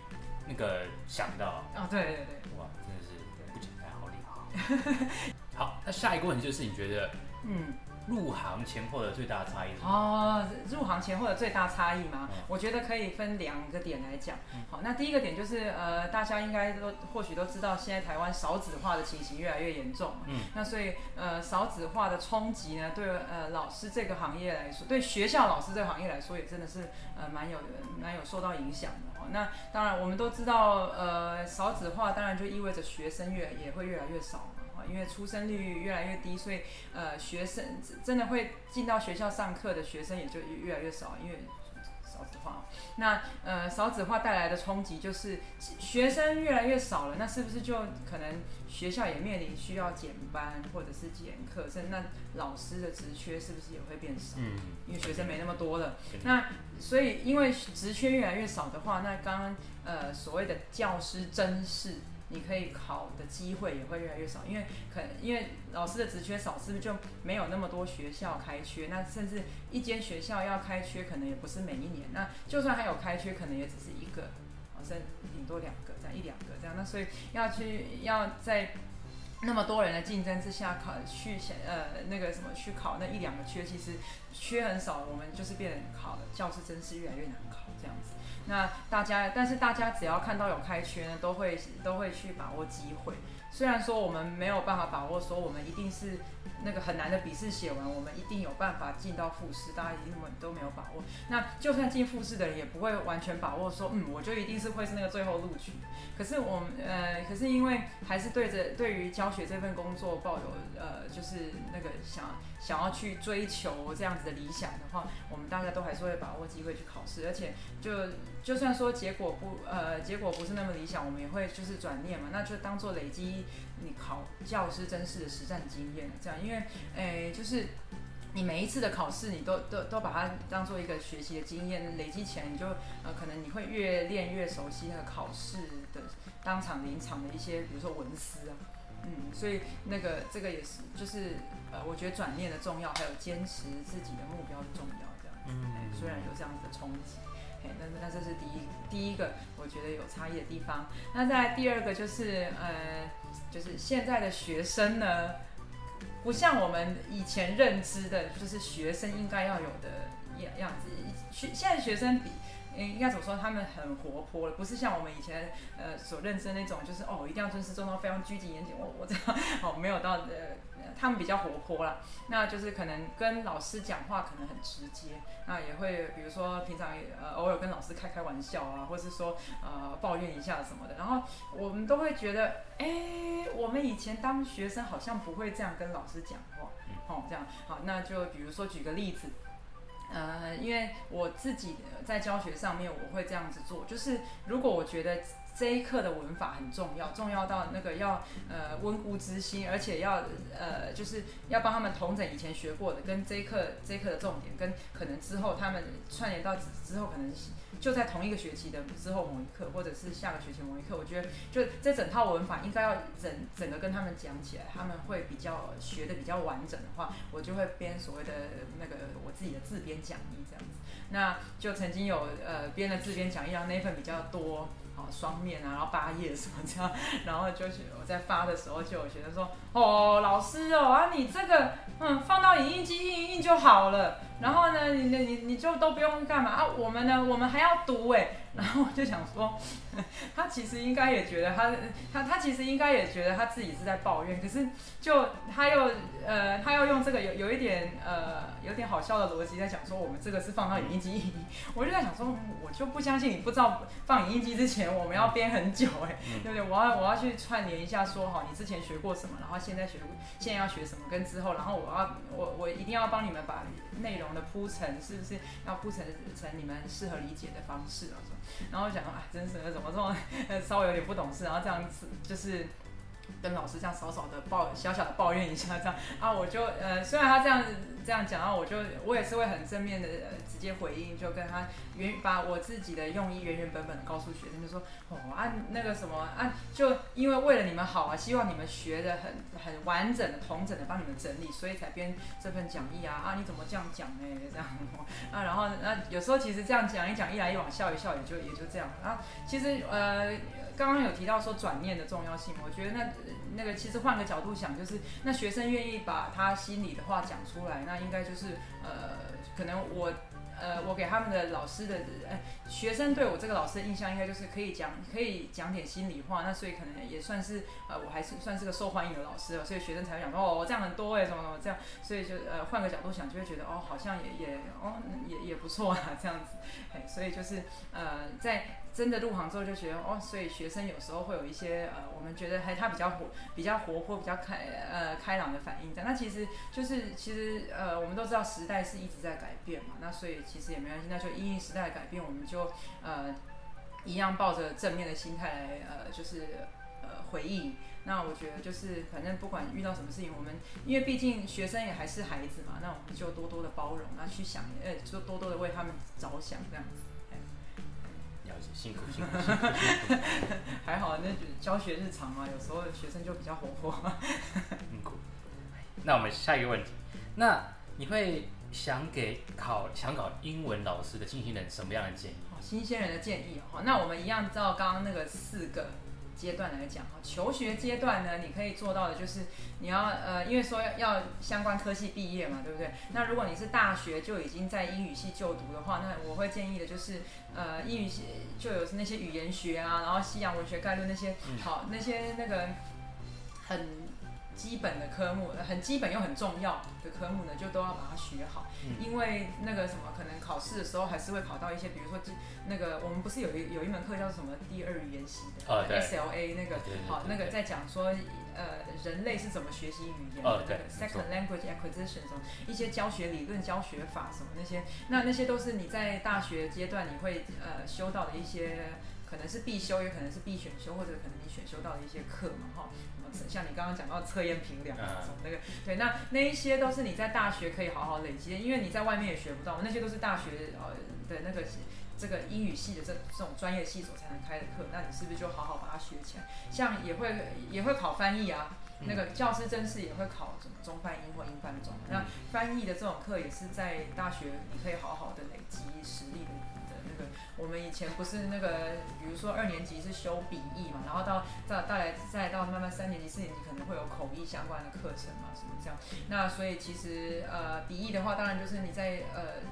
那個想到、哎啊，呃、啊，對對對，哇，真的是對不簡單，好厲害。 好，那下一個問題就是你覺得嗯。入行前後的最大差異哦，入行前後的最大差異嗎、哦？我覺得可以分兩個點來講、嗯。好，那第一個點就是呃，大家應該都或許都知道，現在台灣少子化的情形越來越嚴重。嗯，那所以呃，少子化的衝擊呢，對呃老師這個行業來說，對學校老師這個行業來說，也真的是呃蠻有的蠻有受到影響的。哦。那當然我們都知道，呃，少子化當然就意味着學生越、越也會越來越少。因為出生率越來越低，所以呃，學生真的會進到學校上課的學生也就越來越少。因為少子化，那呃，少子化帶來的衝擊就是學生越來越少了。那是不是就可能學校也面臨需要減班或者是減課？所以那老師的職缺是不是也會變少？嗯，因為學生沒那麼多了。嗯 okay. 那所以因為職缺越來越少的話，那剛剛呃所謂的教師甄試。你可以考的機會也會越來越少，因為可能因為老師的職缺少，是不是就沒有那麼多學校開缺？那甚至一間學校要開缺，可能也不是每一年。那就算還有開缺，可能也只是一個，甚至頂多兩個，這樣一兩個這樣。那所以要去要在那麼多人的競爭之下考去想呃那個什麼去考那一兩個缺，其實缺很少，我們就是變得考的教師真是越來越難考這樣子。那大家，但是大家只要看到有開缺呢，都會都會去把握機會。雖然說我們沒有辦法把握，說我們一定是。那個很難的筆試寫完，我們一定有辦法進到複試，大家根本都沒有把握。那就算進複試的人，也不會完全把握說嗯，我就一定是會是那個最後錄取。可是我們呃，可是因為還是對着對於教學這份工作抱有呃，就是那個想想要去追求這樣子的理想的話，我們大家都還是會把握機會去考試。而且就就算說結果不呃，結果不是那麼理想，我們也會就是轉念嘛，那就當做累積。你考教師甄試的實戰經驗這樣，因為誒、欸，就是你每一次的考試，你都都都把它當做一個學習的經驗累積起來，你就呃，可能你會越練越熟悉那個考試的當場臨場的一些，比如說文思啊，嗯，所以那個這個也是就是呃，我覺得轉念的重要，還有堅持自己的目標的重要，這樣，嗯、欸，雖然有這樣子的衝擊。那那這是第一第一個，我覺得有差異的地方。那在第二個就是呃，就是現在的學生呢，不像我們以前認知的，就是學生應該要有的樣樣子。學現在學生比應該怎麼說？他們很活潑了，不是像我們以前，呃，所認知的那種，就是哦一定要尊師重道，非常拘謹嚴謹。我我這樣哦，沒有到呃。他們比較活潑啦，那就是可能跟老師講話可能很直接，那也會比如說平常也呃偶爾跟老師開開玩笑啊，或是說呃抱怨一下什麼的，然後我們都會覺得哎、欸，我們以前當學生好像不會這樣跟老師講話，哦，這樣好，那就比如說舉個例子，呃，因為我自己在教學上面我會這樣子做，就是如果我覺得。這一課的文法很重要，重要到那個要呃溫故知新，而且要呃就是要幫他們統整以前學過的，跟這一課這一課的重點，跟可能之後他們串聯到之後可能就在同一個學期的之後某一課，或者是下個學期某一課，我覺得就這整套文法應該要整整個跟他們講起來，他們會比較、呃、學的比較完整的話，我就會編所謂的那個我自己的自編講義這樣子。那就曾經有呃編了自編講義，然後那份比較多，啊，雙面啊，然後八頁什麼這樣，然後就我在發的時候就有學生說，哦，老師哦啊，你這個嗯放到影印機印印就好了，然後呢，你你你你就都不用幹嘛啊，我們呢，我們還要讀哎、欸。然後我就想說，他其實應該也覺得他，他他其實應該也覺得他自己是在抱怨，可是就他又呃，他又用這個有有一點呃，有點好笑的邏輯在講說，我們這個是放到影印機。我就在想說，我就不相信你不知道放影印機之前我們要編很久哎、欸，對不對？我要我要去串聯一下說，說、哦，好，你之前學過什麼，然後現在學現在要學什麼，跟之後，然後我要我我一定要幫你們把內容的鋪陳是不是要鋪陳成你們適合理解的方式啊？然後我想，哎，真是的，怎麼這麼稍微有點不懂事，然後這樣子就是跟老師這樣少少的抱小小的抱怨一下，這樣啊，我就呃，雖然他這樣子。這樣講啊，我就我也是會很正面的、呃、直接回應，就跟他原把我自己的用意原原本本的告訴學生，就說哦啊那個什麼啊，就因為為了你們好啊，希望你們學得很很完整的，統整的幫你們整理，所以才編這份講義啊啊，你怎麼這樣講呢？這樣、哦、啊，然後那、啊、有時候其實這樣講一講，一來一往笑一笑，也就也就這樣。然後、啊、其實呃。剛剛有提到說轉念的重要性，我覺得那、呃、那個其實換個角度想，就是那學生願意把他心裡的話講出來，那應該就是呃，可能我呃，我給他們的老師的呃，學生對我這個老師的印象應該就是可以講，可以講點心裡話，那所以可能也算是呃，我還是算是個受歡迎的老師，所以學生才會講說哦，這樣很多哎、欸，怎麼怎麼這樣，所以就呃換個角度想，就會覺得哦，好像也也哦也也不錯啊這樣子嘿，所以就是呃在。真的入行之後就覺得哦，所以學生有時候會有一些呃，我們覺得還他比較活比較活潑比較開呃開朗的反應，但那其實就是，其實呃我們都知道時代是一直在改變嘛，那所以其實也沒關係，那就因應時代的改變，我們就呃一樣抱着正面的心態來呃就是呃回應。那我覺得就是反正不管遇到什麼事情，我們因為畢竟學生也還是孩子嘛，那我們就多多的包容，那去想呃就多多的為他們着想這樣子。辛苦辛苦，辛苦辛苦辛苦 還好。那教學日常啊，有時候學生就比較活潑。辛苦。那我們下一個問題，那你會想給考想考英文老師的新鮮人什麼樣的建議？新鮮人的建議哦，好，那我們一樣照剛剛那個四個。階段來講哈，求學階段呢，你可以做到的就是你要呃，因為說，要，要相關科系畢業嘛，對不對？那如果你是大學就已經在英語系就讀的話，那我會建議的就是呃，英語系就有那些語言學啊，然後西洋文學概論那些，嗯、好那些那個很。基本的科目，很基本又很重要的科目呢，就都要把它學好，嗯、因為那個什麼，可能考試的時候還是會考到一些，比如說那個我們不是有一有一門課叫什麼第二語言習得、okay.，S L A 那個，okay. 好那個在講說、okay. 呃人類是怎麼學習語言的、okay.，Second Language Acquisition、okay. 什麼一些教學理論、教學法什麼那些，那那些都是你在大學階段你會呃修到的一些，可能是必修，也可能是必選修，或者可能你選修到的一些課嘛哈。齁像你剛剛講到測驗評量什麼那個、啊，對，那那一些都是你在大學可以好好累積的，因為你在外面也學不到，那些都是大學呃的那個這個英語系的這這種專業系所才能開的課，那你是不是就好好把它學起來？像也會也會考翻譯啊，那個教師正式也會考什麼中翻英或英翻中，那翻譯的這種課也是在大學你可以好好的累積實力的。我們以前不是那個，比如說二年級是修筆譯嘛，然後到到到來再到慢慢三年級四年級可能會有口譯相關的課程嘛，什麼這樣。那所以其實呃，筆譯的話，當然就是你在呃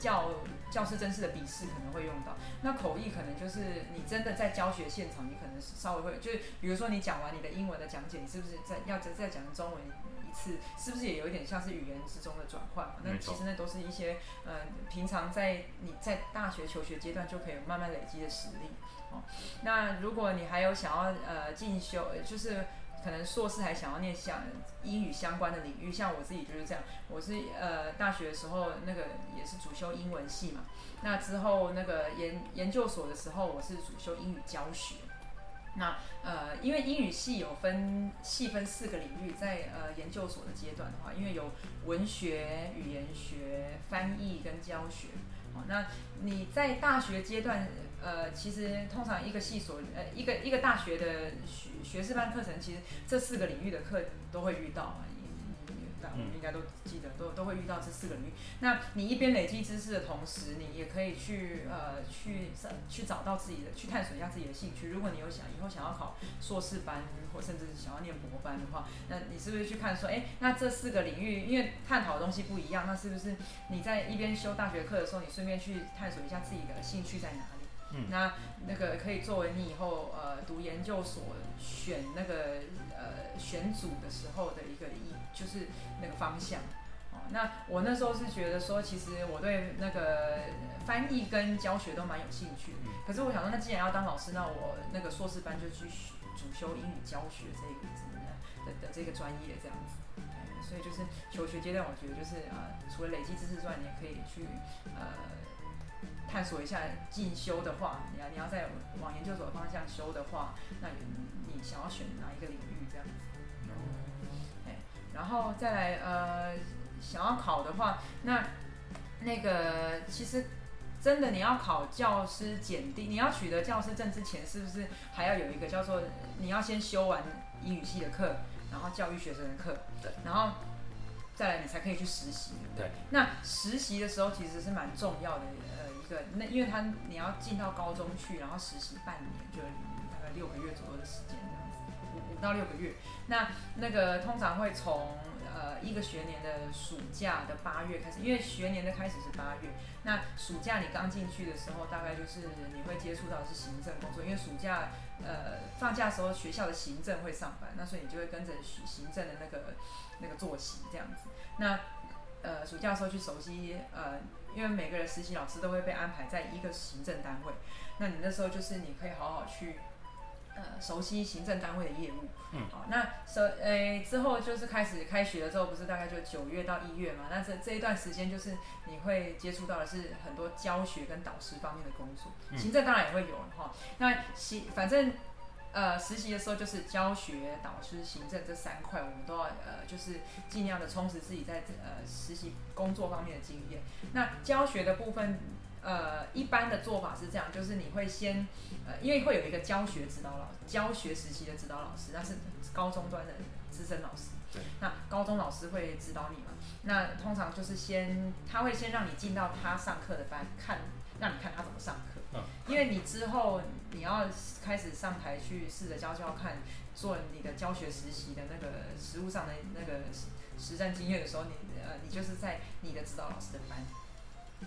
教教師正式的筆試可能會用到，那口譯可能就是你真的在教學現場，你可能稍微會就是，比如說你講完你的英文的講解，你是不是再要再再講中文？是，是不是也有點像是語言之中的轉換嘛？那其實那都是一些，嗯、呃，平常在你在大學求學階段就可以慢慢累積的實力哦。那如果你還有想要呃進修，就是可能碩士還想要念想英語相關的領域，像我自己就是這樣，我是呃大學的時候那個也是主修英文系嘛，那之後那個研研究所的時候我是主修英語教學。那呃，因為英語系有分細分四個領域，在呃研究所的階段的話，因為有文學、語言學、翻譯跟教學。好，那你在大學階段，呃，其實通常一個系所，呃，一個一個大學的學學士班課程，其實這四個領域的課都會遇到。應該都記得，都都會遇到這四個領域。那你一邊累積知識的同時，你也可以去呃去去找到自己的，去探索一下自己的興趣。如果你有想以後想要考碩士班，或甚至是想要念博班的話，那你是不是去看說，哎、欸，那這四個領域，因為探討的東西不一樣，那是不是你在一邊修大學課的時候，你順便去探索一下自己的興趣在哪裡？嗯，那那個可以作為你以後呃讀研究所選那個呃選組的時候的一個意義。就是那個方向，哦，那我那時候是覺得說，其實我對那個翻譯跟教學都蠻有興趣，可是我想說，那既然要當老師，那我那個碩士班就去學主修英語教學這個怎麼的的的這個專業這樣子，所以就是求學階段，我覺得就是，呃，除了累積知識之外，你也可以去呃探索一下進修的話，你要你要再往研究所的方向修的話，那你你想要選哪一個領域？然後再來，呃，想要考的話，那那個其實真的，你要考教師檢定，你要取得教師證之前，是不是還要有一個叫做你要先修完英語系的課，然後教育學生的課對，然後再來你才可以去實習。對，那實習的時候其實是蠻重要的。對，那因為他你要進到高中去，然後實習半年，就大概六個月左右的時間，這樣子，五五到六個月。那那個通常會從呃一個學年的暑假的八月開始，因為學年的開始是八月。那暑假你剛進去的時候，大概就是你會接觸到是行政工作，因為暑假呃放假的時候學校的行政會上班，那所以你就會跟着行行政的那個那個作息這樣子。那呃暑假的時候去熟悉呃。因為每個人實習老師都會被安排在一個行政單位，那你那時候就是你可以好好去，呃、熟悉行政單位的業務。嗯，好、哦，那所、so, 誒、呃、之後就是開始開學了之後，不是大概就九月到一月嘛？那這這一段時間就是你會接觸到的是很多教學跟導師方面的工作，嗯、行政當然也會有了哈、哦。那行，反正。呃，實習的時候就是教學、導師、行政這三塊，我們都要呃，就是儘量的充實自己在呃實習工作方面的經驗。那教學的部分，呃，一般的做法是這樣，就是你會先，呃，因為會有一個教學指導老師，教學實習的指導老師，那是高中端的資深老師。對。那高中老師會指導你嘛，那通常就是先，他會先讓你進到他上課的班，看，讓你看他怎麼上課。因為你之後你要開始上台去試着教教看，做你的教學實習的那個實務上的那個實戰經驗的時候，你呃，你就是在你的指導老師的班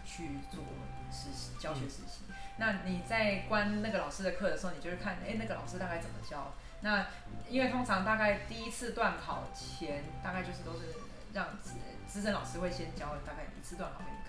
去做實習教學實習。那你在觀那個老師的課的時候，你就是看、欸，哎那個老師大概怎麼教。那因為通常大概第一次段考前，大概就是都是讓資深老師會先教大概一次段考給你。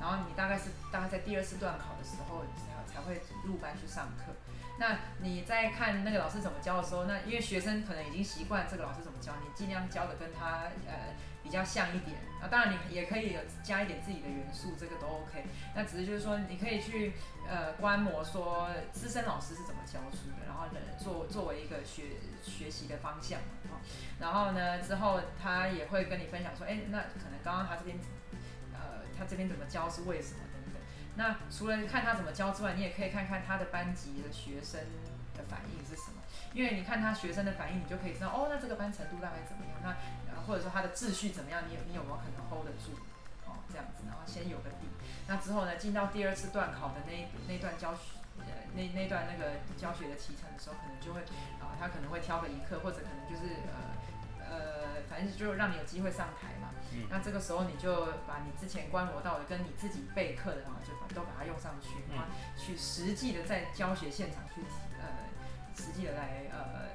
然後你大概是大概在第二次段考的時候才才會入班去上課。那你在看那個老師怎麼教的時候，那因為學生可能已經習慣這個老師怎麼教，你盡量教的跟他呃比較像一點啊。當然你也可以有加一點自己的元素，這個都 OK。那只是就是說你可以去呃觀摩說資深老師是怎麼教出的，然後呢作作為一個學學習的方向嘛、哦、然後呢之後他也會跟你分享說，哎，那可能剛剛他這邊。呃，他這邊怎麼教是為什麼等等。那除了看他怎麼教之外，你也可以看看他的班級的學生的反應是什麼。因為你看他學生的反應，你就可以知道哦，那這個班程度大概怎麼樣？那、呃、或者說他的秩序怎麼樣？你有你有沒有可能 hold 得住？哦，這樣子，然後先有個底。那之後呢，進到第二次段考的那那段教學，呃，那那段那個教學的期程的時候，可能就會啊、呃，他可能會挑個一課，或者可能就是呃。呃，反正就是讓你有機會上台嘛，嗯。那這個時候，你就把你之前觀摩到的，跟你自己備課的嘛，然後，就把都把它用上去，然後去實際的在教學現場去呃，實際的來呃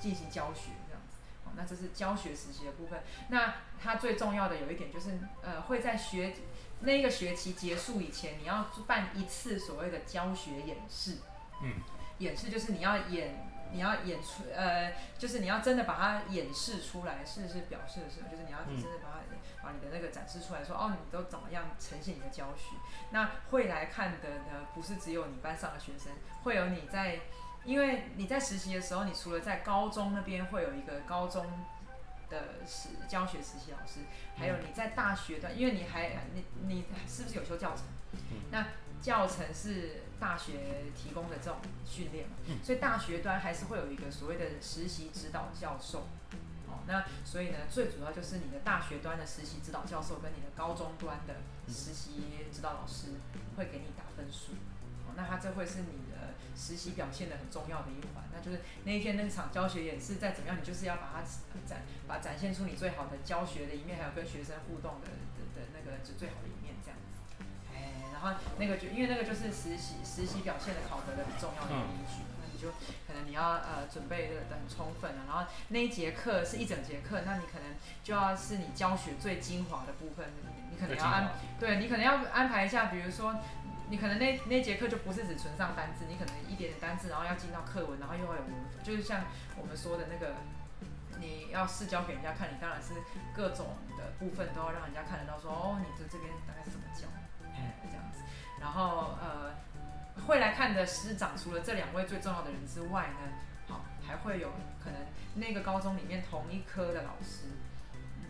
進行教學這樣子。好，哦，那這是教學實習的部分。那它最重要的有一點就是，呃，會在學那個學期結束以前，你要辦一次所謂的教學演示。嗯，演示就是你要演。你要演出，呃，就是你要真的把它演示出來，是是表示的是的，就是你要真的把它、嗯、把你的那個展示出來，說哦，你都怎麼樣呈現你的教學？那會來看的呢，不是只有你班上的學生，會有你在，因為你在實習的時候，你除了在高中那邊會有一個高中的實教學實習老師，還有你在大學段，因為你還你你是不是有修教程？那教程是。大學提供的這種訓練嘛，所以大學端還是會有一個所謂的實習指導教授，哦，那所以呢，最主要就是你的大學端的實習指導教授跟你的高中端的實習指導老師會給你打分數，哦，那他這會是你的實習表現的很重要的一環，那就是那一天那場教學演示再怎麼樣，你就是要把它展把它展現出你最好的教學的一面，還有跟學生互動的的、的、的那個就最好的一面。那個就因為那個就是實習實習表現的考核的很重要的一個依據、嗯、那你就可能你要呃準備的很充分啊，然後那一節課是一整節課，那你可能就要是你教學最精華的部分，你,你可能要安對你可能要安排一下，比如說你可能那那節課就不是只存上單字，你可能一點點單字，然後要進到課文，然後又要有文就是像我們說的那個你要試教給人家看，你當然是各種的部分都要讓人家看得到說，說哦，你這這邊大概是怎麼教，嗯、這樣。然後呃，會來看的師長，除了這兩位最重要的人之外呢，好，還會有可能那個高中裡面同一科的老師，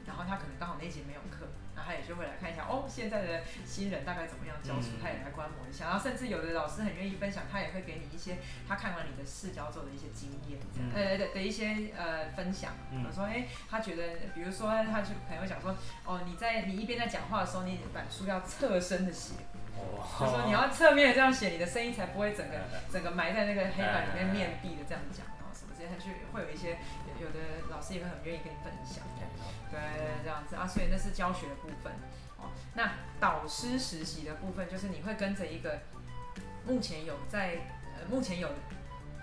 然後他可能剛好那一節沒有課，然後他也就會來看一下，哦，現在的新人大概怎麼樣教書，他也來觀摩一下、嗯。然後甚至有的老師很願意分享，他也會給你一些他看完你的試教後的一些經驗，呃、嗯、的一些呃分享，我說哎，他覺得，比如說他去朋友講說，哦，你在你一邊在講話的時候，你板書要側身的寫。就說你要側面這樣寫，你的聲音才不會整個對對對，整個埋在那個黑板裡面面壁的這樣講，然後什麼之類，他就會有一些有，有的老師也會很願意跟你分享這樣，對，對，對這樣子啊，所以那是教學的部分哦。那導師實習的部分就是你會跟着一個目前有在呃目前有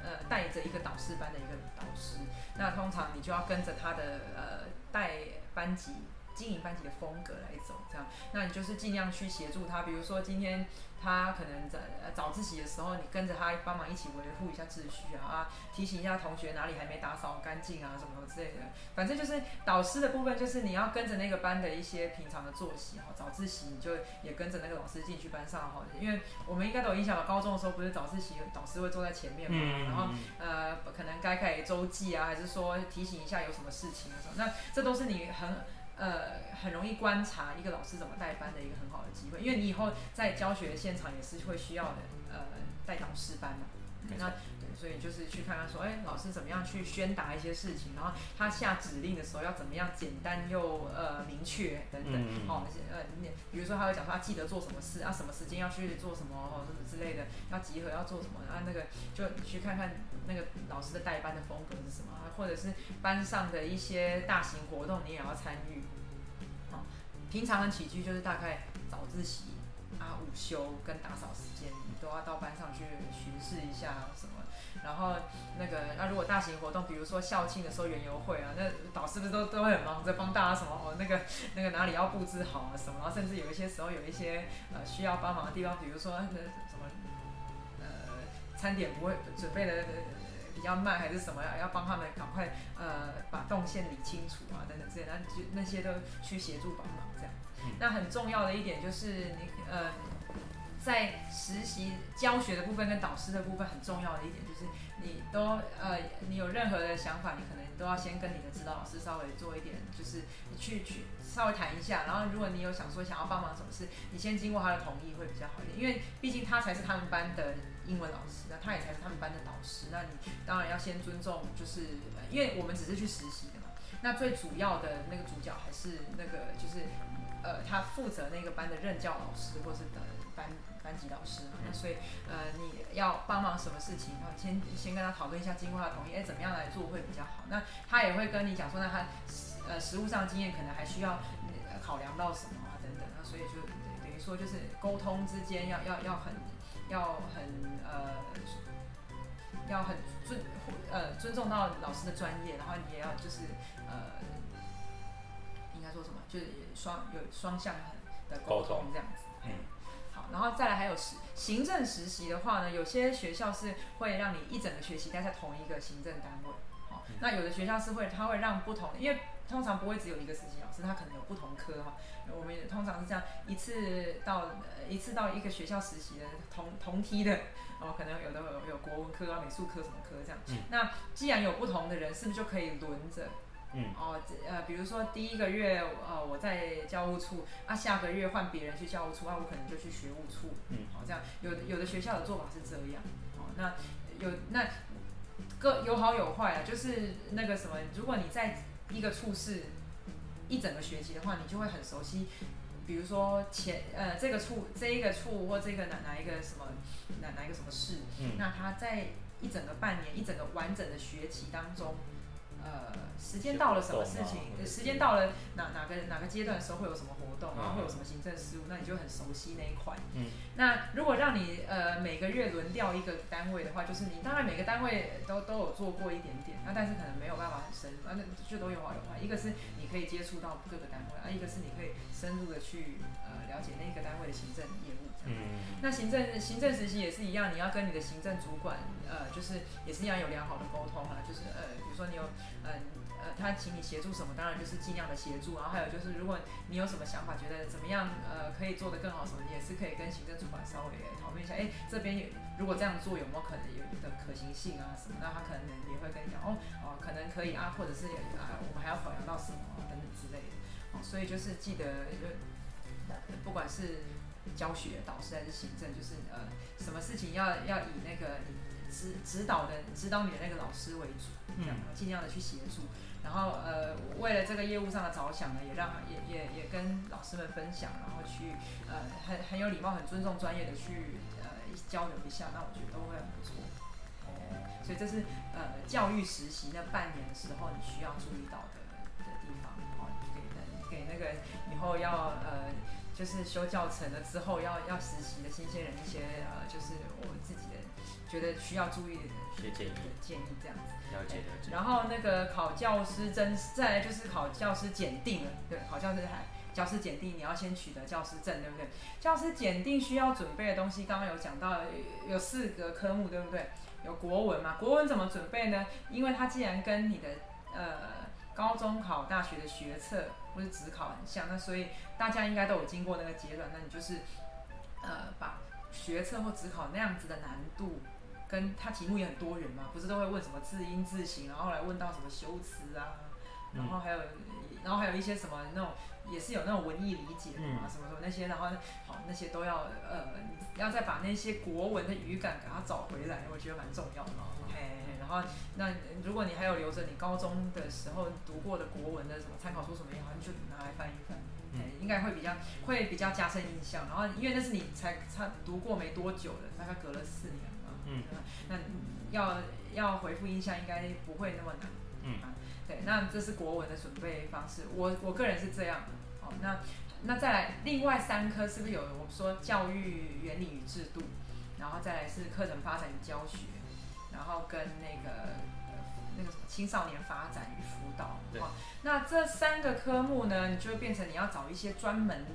呃帶着一個導師班的一個導師，那通常你就要跟着他的呃帶班級。經營班級的風格來走，這樣，那你就是盡量去協助他。比如說今天他可能在早，早自習的時候，你跟着他幫忙一起維護一下秩序啊，啊，提醒一下同學哪裡還沒打掃乾淨啊，什麼之類的。反正就是導師的部分，就是你要跟着那個班的一些平常的作息哈。早自習你就也跟着那個老師進去班上哈，因為我們應該都有印象吧？高中的時候不是早自習導師會坐在前面嘛？嗯、然後呃，可能該開始週記啊，還是說提醒一下有什麼事情的時候，那這都是你很。呃，很容易觀察一個老師怎麼帶班的一個很好的機會，因為你以後在教學現場也是會需要的，呃，帶導師班嘛、啊。那對，所以就是去看看說，哎、欸，老師怎麼樣去宣達一些事情，然後他下指令的時候要怎麼樣簡單又呃明確等等。嗯嗯哦，那些呃，比如說他會講說，他記得做什麼事，啊，什麼時間要去做什麼，哦，什麼之類的，要集合要做什麼啊，然後，那個就去看看那個老師的帶班的風格是什麼，或者是班上的一些大型活動，你也要參與。哦，平常的起居就是大概早自習，啊，午休跟打掃時間都要到班上去巡視一下，然後，什麼，然後那個，那、啊、如果大型活動，比如說校慶的時候園遊會啊，那導師不是都都會很忙着幫大家什麼哦，那個那個哪裡要布置好啊什麼，然後甚至有一些時候有一些呃需要幫忙的地方，比如說那什麼呃餐點不會準備的、呃、比較慢還是什麼，要幫他們趕快呃把動線理清楚啊等等之類，的，就那些都去協助幫忙。那很重要的一點就是你呃，在實習教學的部分跟導師的部分，很重要的一點就是你都呃，你有任何的想法，你可能都要先跟你的指導老師稍微做一點，就是去去稍微談一下。然後如果你有想說想要幫忙什麼事，你先經過他的同意會比較好一點，因為畢竟他才是他們班的英文老師，那他也才是他們班的導師，那你當然要先尊重，就是，呃，因為我們只是去實習的嘛。那最主要的那個主角還是那個就是。呃，他負責那個班的任教老師，或是的班班級老師，那、啊、所以呃，你要幫忙什麼事情，然後先先跟他討論一下，經過他的同意，哎，怎麼樣來做會比較好？那他也會跟你講說，那他呃，實務上經驗可能還需要、呃、考量到什麼啊等等啊，所以就等於說，就是溝通之間要要要很要很呃要很尊呃尊重到老師的專業，然後你也要就是。就是雙有雙向的溝通這樣子高高，嗯，好，然後再來還有實行政實習的話呢，有些學校是會讓你一整個學期待在同一個行政單位，哦嗯，那有的學校是會，它會讓不同的，因為通常不會只有一個實習老師，他可能有不同科哈、哦嗯，我們也通常是這樣一次到、呃、一次到一個學校實習的同同梯的，哦，可能有的有有國文科啊、美術科什麼科這樣，嗯，那既然有不同的人，是不是就可以輪着？嗯哦，呃，比如說第一個月，呃，我在教務處，啊，下個月換別人去教務處，啊，我可能就去學務處，嗯，哦，這樣有有的學校的做法是這樣，哦，那有那各有好有壞啊，就是那個什麼，如果你在一個處室一整個學期的話，你就會很熟悉，比如說前呃這個處這一個處或這個哪哪一個什麼哪哪一個什麼室，嗯，那他在一整個半年一整個完整的學期當中。呃，時間到了，什麼事情？時間到了哪，哪個哪個哪個階段的時候會有什麼活動，然後會有什麼行政事務？那你就很熟悉那一塊。嗯，那如果讓你呃每個月輪調一個單位的話，就是你當然每個單位都都有做過一點點，那、啊、但是可能沒有辦法很深入。那、啊、就都有好有壞，一個是你可以接觸到各個單位，啊一個是你可以深入的去呃了解那個單位的行政業務。嗯，那行政行政實習也是一樣，你要跟你的行政主管，呃，就是也是一樣有良好的溝通哈。就是呃，比如說你有，嗯呃，呃，他請你協助什麼，當然就是儘量的協助。然後還有就是，如果你有什麼想法，覺得怎麼樣，呃，可以做得更好什麼，你也是可以跟行政主管稍微討論一下。哎、欸，這邊如果這樣做有沒有可能有的可行性啊什麼的，那他可能也會跟你講，哦哦、呃，可能可以啊，或者是有啊、呃，我們還要考量到什麼、啊、等等之類的。哦、啊，所以就是記得，就呃、不管是。教學、導師還是行政，就是呃，什麼事情要要以那個你指指導的指導你的那個老師為主，嗯，盡量的去協助。然後呃，為了這個業務上的着想呢，也讓也也也跟老師們分享，然後去呃很很有禮貌、很尊重專業的去呃一交流一下。那我覺得都會很不錯。哦，所以這是呃教育實習那半年的時候你需要注意到的的地方。哦，給給那個以後要呃。就是修教程了，之後要要實習的新鮮人一些呃，就是我們自己的覺得需要注意的一些建議建議這樣子了解。okay, 了解，然後那個考教師證，再來就是考教師檢定了。對，考教師還教師檢定，你要先取得教師證，對不對？教師檢定需要準備的東西，剛剛有講到有四個科目，對不對？有國文嘛？國文怎麼準備呢？因為它既然跟你的呃高中考大學的學測。或是指考很像，那所以大家應該都有經過那個階段。那你就是，呃，把學測或指考那樣子的難度跟，跟他題目也很多元嘛，不是都會問什麼字音字形，然後來問到什麼修辭啊，然後還有、嗯，然後還有一些什麼那種。也是有那種文藝理解的嘛，嗯、什麼什麼那些，然後好那些都要呃，要再把那些國文的語感給它找回來，我覺得蠻重要的。嘿、嗯、嘿。然後那如果你還有留着你高中的時候讀過的國文的什麼參考書什麼也好，你就拿來翻一翻，嗯、應該會比較會比較加深印象。然後因為那是你才才讀過沒多久的，大概隔了四年嘛、嗯、那要要恢復印象應該不會那麼難，嗯，對，那這是國文的準備方式，我我個人是這樣。那那再來，另外三科是不是有我們說教育原理與制度，然後再來是課程發展與教學，然後跟那個那個什麼青少年發展與輔導，對。那這三個科目呢，你就會變成你要找一些專門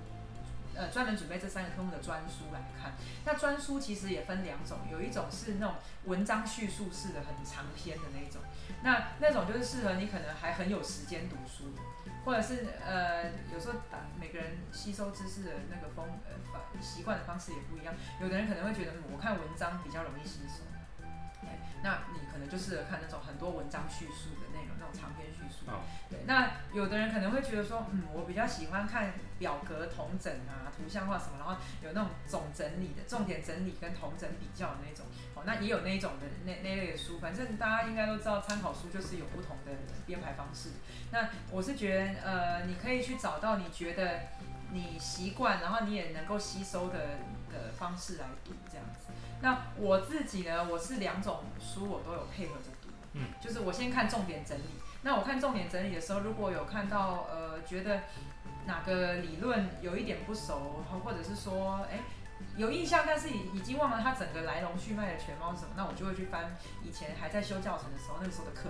呃，專門準備這三個科目的專書來看。那專書其實也分兩種，有一種是那種文章敘述式的，很長篇的那一種。那那種就是適合你可能還很有時間讀書或者是，呃，有時候每個人吸收知識的那個風呃習慣的方式也不一樣，有的人可能會覺得我看文章比較容易吸收。那你可能就適合看那種很多文章敘述的內容，那種長篇敘述。哦、oh.，對，那有的人可能會覺得說，嗯，我比較喜歡看表格統整啊，圖像化什麼，然後有那種總整理的，重點整理跟統整比較的那種。哦、喔，那也有那一種的那那類的書，反正大家應該都知道，參考書就是有不同的編排方式。那我是覺得，呃，你可以去找到你覺得你習慣，然後你也能夠吸收的的方式來讀，這樣子。那我自己呢，我是兩種書我都有配合着讀，嗯，就是我先看重點整理。那我看重點整理的時候，如果有看到呃覺得哪個理論有一點不熟，或者是說哎、欸、有印象，但是已已經忘了它整個來龍去脈的全貌是什麼，那我就會去翻以前還在修教程，的時候那個時候的課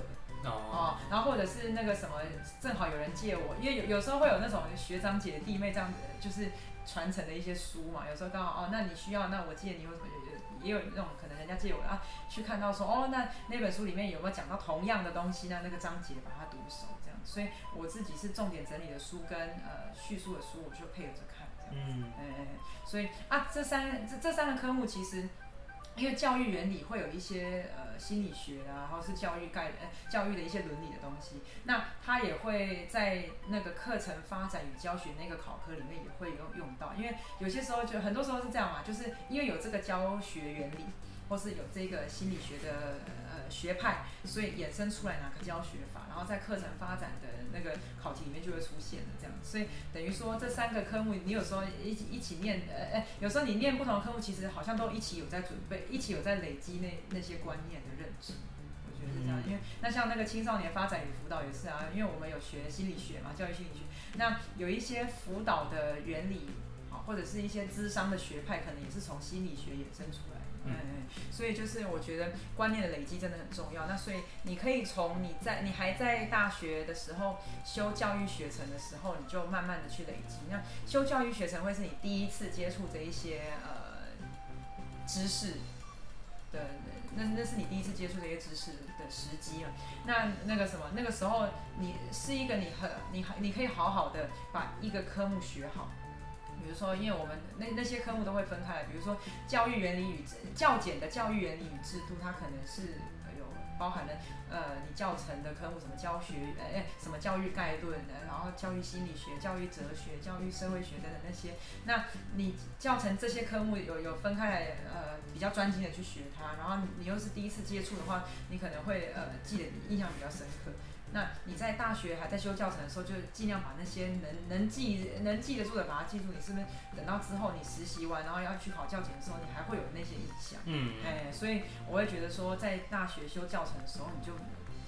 本，oh. 哦，然後或者是那個什麼，正好有人借我，因為有有時候會有那種學長姐、弟妹這樣子的就是傳承的一些書嘛，有時候到哦，那你需要，那我借你。麼？也有那種可能，人家借我的啊，去看到說哦，那那本書裡面有沒有講到同樣的東西呢？那，那個章節把它讀熟，這樣。所以我自己是重點整理的書跟呃敘述的書，我就配合着看這樣。嗯，哎、嗯，所以啊，這三這這三個科目其實。因為教育原理會有一些呃心理學啊，然後是，教育概念、呃教育的一些倫理的東西，那他也會在那個課程發展與教學那個考科裡面也會用用到，因為有些時候就很多時候是這樣嘛，就是因為有這個教學原理。或是有這個心理學的呃學派，所以衍生出來哪個教學法，然後在課程發展的那個考題裡面就會出現了，這樣。所以等於說這三個科目，你有時候一起一起念，呃、欸，有時候你念不同的科目，其實好像都一起有在準備，一起有在累積那那些觀念的認知，我覺得是這樣。因為那像那個青少年發展與輔導也是啊，因為我們有學心理學嘛，教育心理學，那有一些輔導的原理好，哦，或者是一些諮商的學派，可能也是從心理學衍生出來。嗯嗯，所以就是我覺得觀念的累積真的很重要。那所以你可以從你在你還在大學的時候修教育學程的時候，你就慢慢的去累積。那修教育學程會是你第一次接觸這一些呃知識的，那那是你第一次接觸這些知識的時機嘛啊？那那個什麼，那個時候你是一個你很，你，你可以好好的把一個科目學好。比如說，因為我們那那些科目都會分開來，比如說教育原理與教檢的教育原理與制度，它可能是有包含了呃你教程的科目，什麼教學誒、呃、什麼教育概論的，然後教育心理學、教育哲學、教育社會學等等那些。那你教程這些科目有有分開來，呃比較專心的去學它，然後你又是第一次接觸的話，你可能會呃記得你印象比較深刻。那你在大學還在修教程的時候，就盡量把那些能能記能記得住的，把它記住。你是不是等到之後你實習完，然後要去考教檢的時候，你還會有那些印象？嗯，哎、欸，所以我會覺得說，在大學修教程的時候，你就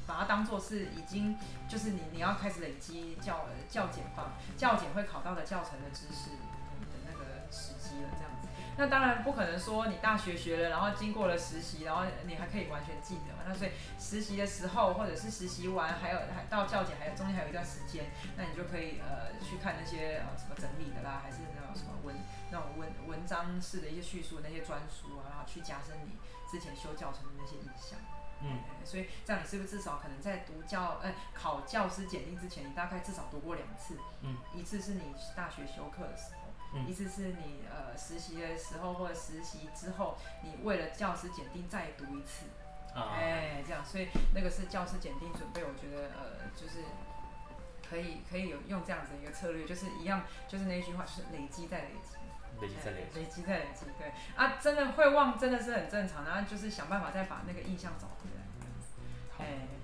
把它當做是已經就是你你要開始累積教教檢吧，教檢會考到的教程的知識的那個時機了，這樣。那當然不可能說你大學學了，然後經過了實習，然後你還可以完全記得嘛？那所以實習的時候，或者是實習完，還有還到教檢，還有中間還有一段時間，那你就可以呃去看那些呃什麼整理的啦，還是那種什麼文那種文文章式的一些敘述，那些專書啊，然後去加深你之前修教程的那些印象。嗯，okay? 所以這樣你是不是至少可能在讀教呃考教師檢定之前，你大概至少讀過兩次？嗯，一次是你大學修課的時。意思是你呃實習的時候或者實習之後，你為了教師檢定再讀一次，哎、啊啊啊欸，這樣，所以那個是教師檢定準備，我覺得呃就是可以可以有用這樣子一個策略，就是一樣，就是那一句話，就是累積再累積，累積再累積、欸、累積再累積，累積再累積，對啊，真的會忘，真的是很正常，然後就是想辦法再把那個印象找回來，哎、嗯。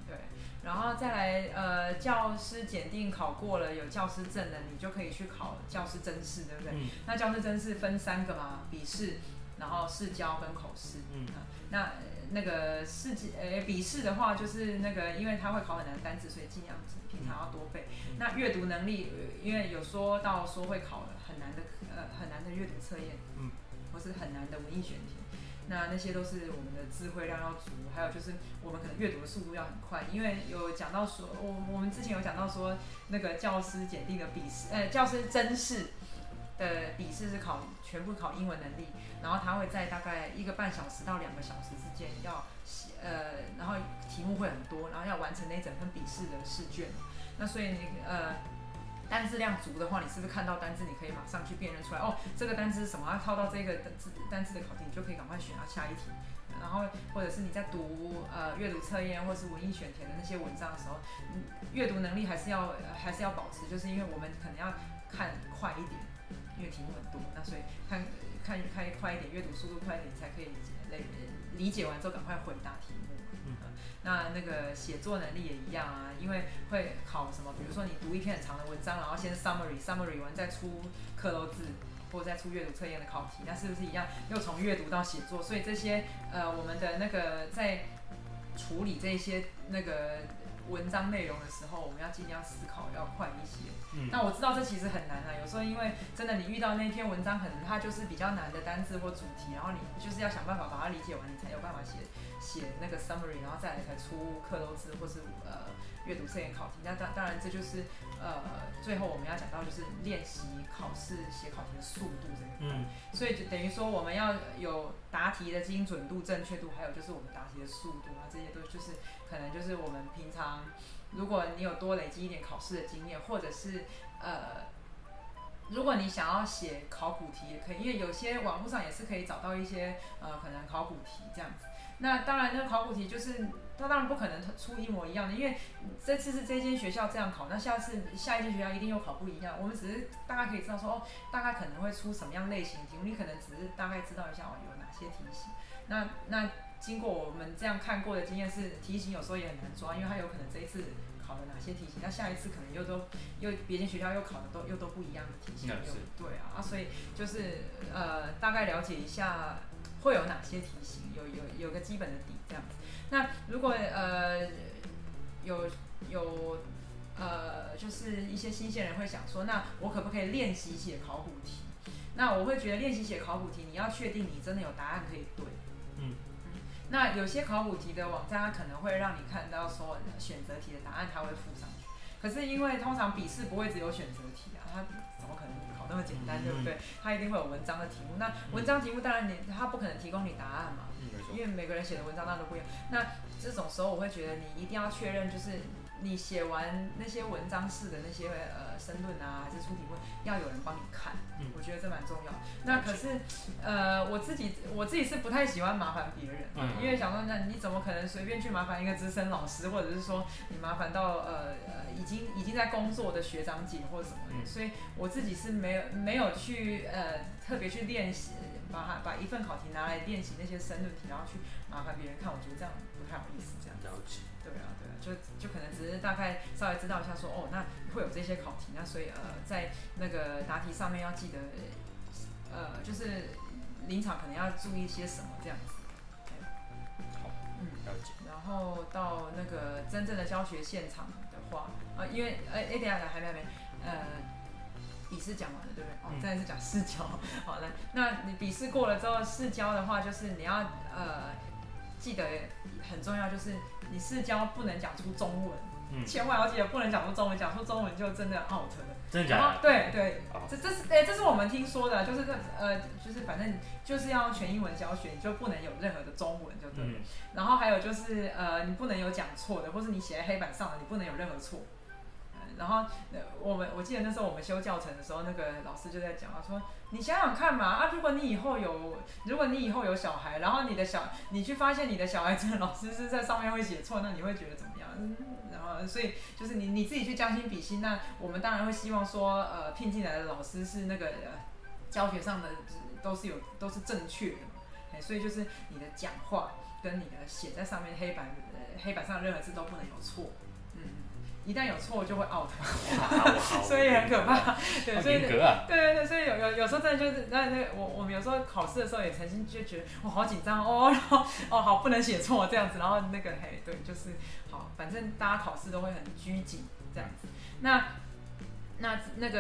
然後再來，呃，教師檢定考過了，有教師證了，你就可以去考教師甄試，對不對？嗯、那教師甄試分三個嘛，筆試，然後試教跟口試。嗯、呃，那那個試教，呃，筆試的話就是那個，因為他會考很難的單字，所以盡量子平常要多背、嗯。那閱讀能力、呃，因為有說到說會考很難的，呃，很難的閱讀測驗，嗯，或是很難的文意選擇。那那些都是我們的字彙量，要足，還有就是我們可能閱讀的速度要很快，因為有講到說，我我們之前有講到說，那個教師檢定的筆試，呃、欸，教師甄試的筆試是考全部考英文能力，然後他會在大概一個半小時到兩個小時之間要寫，呃，然後題目會很多，然後要完成那整份筆試的試卷，那所以你呃。單字量足的話，你是不是看到單字，你可以馬上去辨認出來？哦，這個單字是什麼？啊，套到這個單字單字的考題，你就可以趕快選啊，下一題。然後，或者是你在讀呃閱讀測驗或者是文意選填的那些文章的時候，你閱讀能力還是要還是要保持，就是因為我們可能要看快一點，因為題目很多，那所以看看看快一點，閱讀速度快一點，才可以理解類，理解完之後趕快回答題目。那那個寫作能力也一樣啊，因為會考什麼？比如說你讀一篇很長的文章，然後先 summary，summary 完 summary，再出克漏字，或者再出閱讀測驗的考題，那是不是一樣？又從閱讀到寫作，所以這些呃，我們的那個在處理這些那個文章內容的時候，我們要盡量思考要快一些。嗯，那我知道這其實很難啊。有時候因為真的你遇到那篇文章，可能它就是比較難的單字或主題，然後你就是要想辦法把它理解完，你才有辦法寫寫那個 summary，然後再來才出克漏字或是呃閱讀測驗考題。那當當然這就是呃最後我們要講到就是練習考試寫考題的速度這個部分。嗯，所以就等於說我們要有答題的精準度、正確度，還有就是我們答題的速度啊，這些都就是可能就是我們平常。如果你有多累積一點考試的經驗，或者是呃，如果你想要寫考古題也可以，因為有些網路上也是可以找到一些呃，可能考古題這樣子。那當然，那考古題就是它當然不可能出一模一樣的，因為這次是這間學校這樣考，那下次下一間學校一定又考不一樣。我們只是大概可以知道說哦，大概可能會出什麼樣類型題目，你可能只是大概知道一下哦有哪些題型。那那。經過我們這樣看過的經驗是，題型有時候也很難抓，因為他有可能這一次考了哪些題型，那下一次可能又都又別的學校又考的都又都不一樣的題型又，對啊，啊，所以就是呃大概了解一下會有哪些題型，有有有個基本的底這樣子。那如果呃有有呃就是一些新鮮人會想說，那我可不可以練習寫考古題？那我會覺得練習寫考古題，你要確定你真的有答案可以對。那有些考古題的網站，它可能會讓你看到說選擇題的答案，它會附上去。可是因為通常筆試不會只有選擇題啊，它怎麼可能考那麼簡單，對不對？它一定會有文章的題目。那文章題目當然你它不可能提供你答案嘛，因為每個人寫的文章當然都不一樣。那這種時候我會覺得你一定要確認就是。你寫完那些文章式的那些呃申論啊，還是出題問，要有人幫你看，我覺得這蠻重要、嗯。那可是、嗯、呃，我自己我自己是不太喜歡麻煩別人、嗯，因為想說那你怎麼可能隨便去麻煩一個資深老師，或者是說你麻煩到呃呃已經已經在工作的學長姐或者什麼的、嗯，所以我自己是沒有沒有去呃特別去練習。把他把一份考題拿來練習那些申論題，然後去麻煩別人看，我覺得這樣不太好意思。這樣對、啊。對啊，對啊，就就可能只是大概稍微知道一下說，說哦，那會有這些考題，那所以呃，在那個答題上面要記得，呃，就是臨場可能要注意一些什麼這樣子。好。嗯，了解、嗯。然後到那個真正的教學現場的話，啊、呃，因為哎，那、欸、邊、欸、還有沒，沒？呃。筆試講完了，對不對？哦，再次講試教。好，來，那你筆試過了之後，試教的話就是你要呃記得很重要，就是你試教不能講出中文、嗯，千萬要記得不能講出中文，講出中文就真的 out 了。真的假的？對對，對哦、這這是哎、欸、這是我們聽說的，就是呃就是反正就是要全英文教學，你就不能有任何的中文就對、嗯、然後還有就是呃你不能有講錯的，或是你寫在黑板上的你不能有任何錯。然後，那我們我記得那時候我們修教程的時候，那個老師就在講啊，說你想想看嘛，啊，如果你以後有，如果你以後有小孩，然後你的小，你去發現你的小孩子的老師是在上面會寫錯，那你會覺得怎麼樣？嗯，然後所以就是你你自己去將心比心，那我們當然會希望說，呃，聘進來的老師是那個、呃、教學上的都是有都是正確的嘛，哎，所以就是你的講話跟你的寫在上面黑板、呃、黑板上的任何字都不能有錯。一旦有錯就會 out， 所以很可怕。對，所以、啊、對對對，所以有有有時候真的就是那那我我們有時候考試的時候也曾經就覺得我好緊張哦，然後哦，哦好，不能寫錯這樣子，然後那個嘿對，就是好，反正大家考試都會很拘謹這樣子。那那那個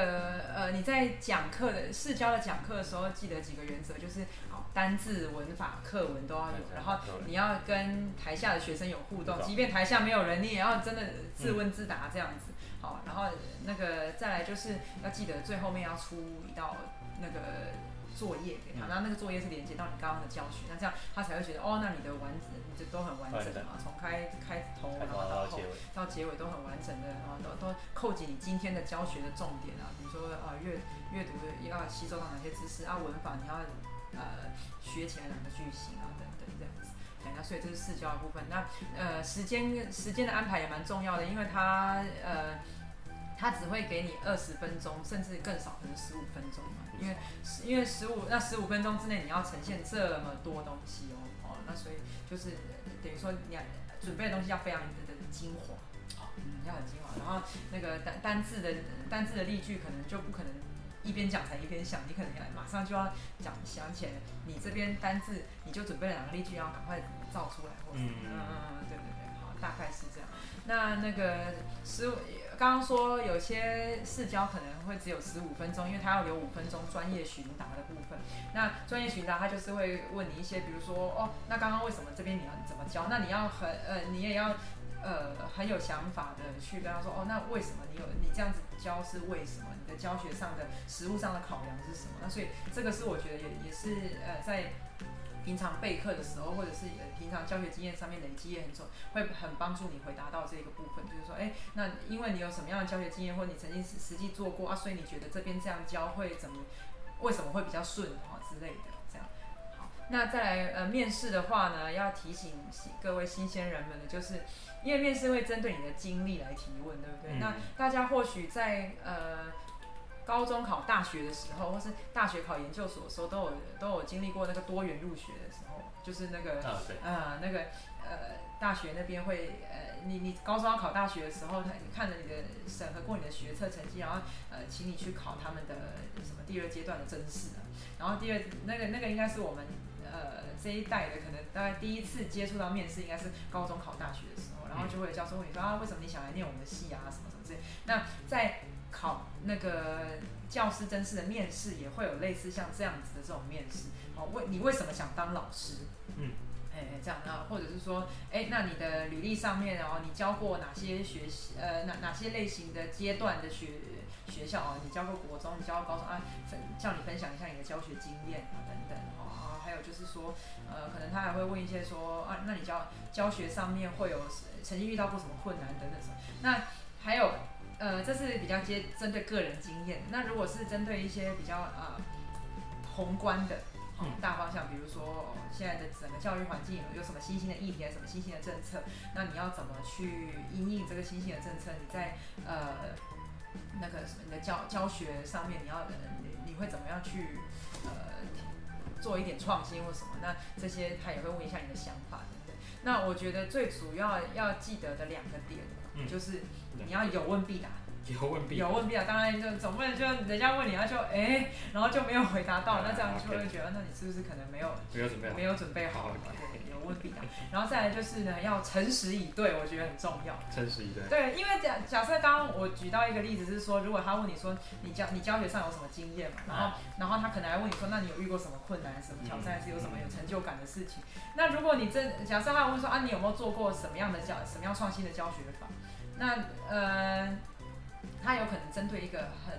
呃，你在講課的試教的講課的時候，記得幾個原則就是。單字、文法、課文都要有，然後你要跟台下的學生有互動，即便台下沒有人，你也要真的自問自答這樣子。嗯、好，然後、呃、那個再來就是要記得最後面要出一道那個作業給他、嗯，然後那個作業是連接到你剛剛的教學，那這樣他才會覺得哦，那你的完整你就都很完整啊，從開開頭，開頭然後到後然後結尾，到結尾都很完整的，然後都都扣緊你今天的教學的重點啊，比如說啊，閱閱讀要吸收到哪些知識啊，文法你要。呃，學起來兩個句型啊，等等，這樣子。對，那所以這是試教的部分。那呃，時間時間的安排也蠻重要的，因為他呃，他只會給你二十分鐘，甚至更少，可能十五分鐘嘛。因為因為十五那十五分鐘之內你要呈現這麼多東西哦，嗯、哦，那所以就是等於、呃、說你要準備的東西要非常的精華、哦，嗯，要很精華。然後那個單單字的單字的例句可能就不可能。一邊講台一邊想，你可能要馬上就要講想起來，你這邊單字你就準備了兩個例句，要趕快造出來，或者什麼，嗯嗯嗯，對對對，好，大概是這樣。那那個十五，剛剛說有些試教可能會只有十五分鐘，因為他要留五分鐘專業詢答的部分。那專業詢答，他就是會問你一些，比如說哦，那剛剛為什麼這邊你要怎麼教？那你要很呃，你也要。呃，很有想法的去跟他說，哦，那為什麼你有你這樣子教是為什麼？你的教學上的、實務上的考量是什麼？那所以這個是我覺得也也是呃，在平常備課的時候，或者是、呃、平常教學經驗上面累積也很重，會很幫助你回答到這個部分，就是說，哎、欸，那因為你有什麼樣的教學經驗，或你曾經實際做過啊，所以你覺得這邊這樣教會怎麼，為什麼會比較順滑之類的。那再來，呃，面試的話呢，要提醒各位新鮮人們的就是，因為面試會針對你的經歷來提問，對不對？嗯、那大家或許在呃高中考大學的時候，或是大學考研究所的時候都，都有都有經歷過那個多元入學的時候，就是那個、啊、呃那個呃大學那邊會呃，你你高中考大學的時候，他你看着你的審核過你的學測成績，然後呃請你去考他們的什麼第二階段的甄試，啊、然後第二那個那個應該是我們。呃，這一代的可能大概第一次接觸到面試，應該是高中考大學的時候，嗯、然後就會有教授問你說啊，為什麼你想來念我們的系啊，什麼什麼之類。那在考那個教師甄試的面試，也會有類似像這樣子的這種面試，哦，為你為什麼想當老師？嗯，哎，這樣，那或者是說，哎，那你的履歷上面哦，你教過哪些學習，呃，哪哪些類型的階段的學？學校啊，你教過國中，你教過高中啊，分叫你分享一下你的教學經驗啊，等等啊、哦，還有就是說，呃，可能他還會問一些說啊，那你教教學上面會有曾經遇到過什麼困難等等什麼。那還有呃，這是比較接針對個人經驗。那如果是針對一些比較啊、呃，宏觀的哈、哦、大方向，比如說、呃、現在的整個教育環境有有什麼新興的議題，什麼新興的政策，那你要怎麼去因應這個新興的政策？你在呃。那個什麼，你的教教學上面，你要呃你你會怎麼樣去呃做一點創新或什麼？那這些他也會問一下你的想法，對不對？那我覺得最主要要記得的兩個點，就是你要有問必答。嗯嗯有問必有問必答，當然就總不能就人家問你他就哎、欸，然後就沒有回答到，yeah, 那這樣就會覺得，okay. 那你是不是可能沒有沒有準備好沒有準備好，好、okay. 對，有問必答， 然後再來就是呢，要誠實以對，我覺得很重要。誠實以對。對，因為假假設剛剛我舉到一個例子是說，如果他問你說你教你教學上有什麼經驗嘛、啊，然後然後他可能還問你說，那你有遇過什麼困難、什麼挑戰，嗯、還是有什麼有成就感的事情？嗯、那如果你真假設他問說啊，你有沒有做過什麼樣的教什麼樣創新的教學法？那呃。他有可能針對一個很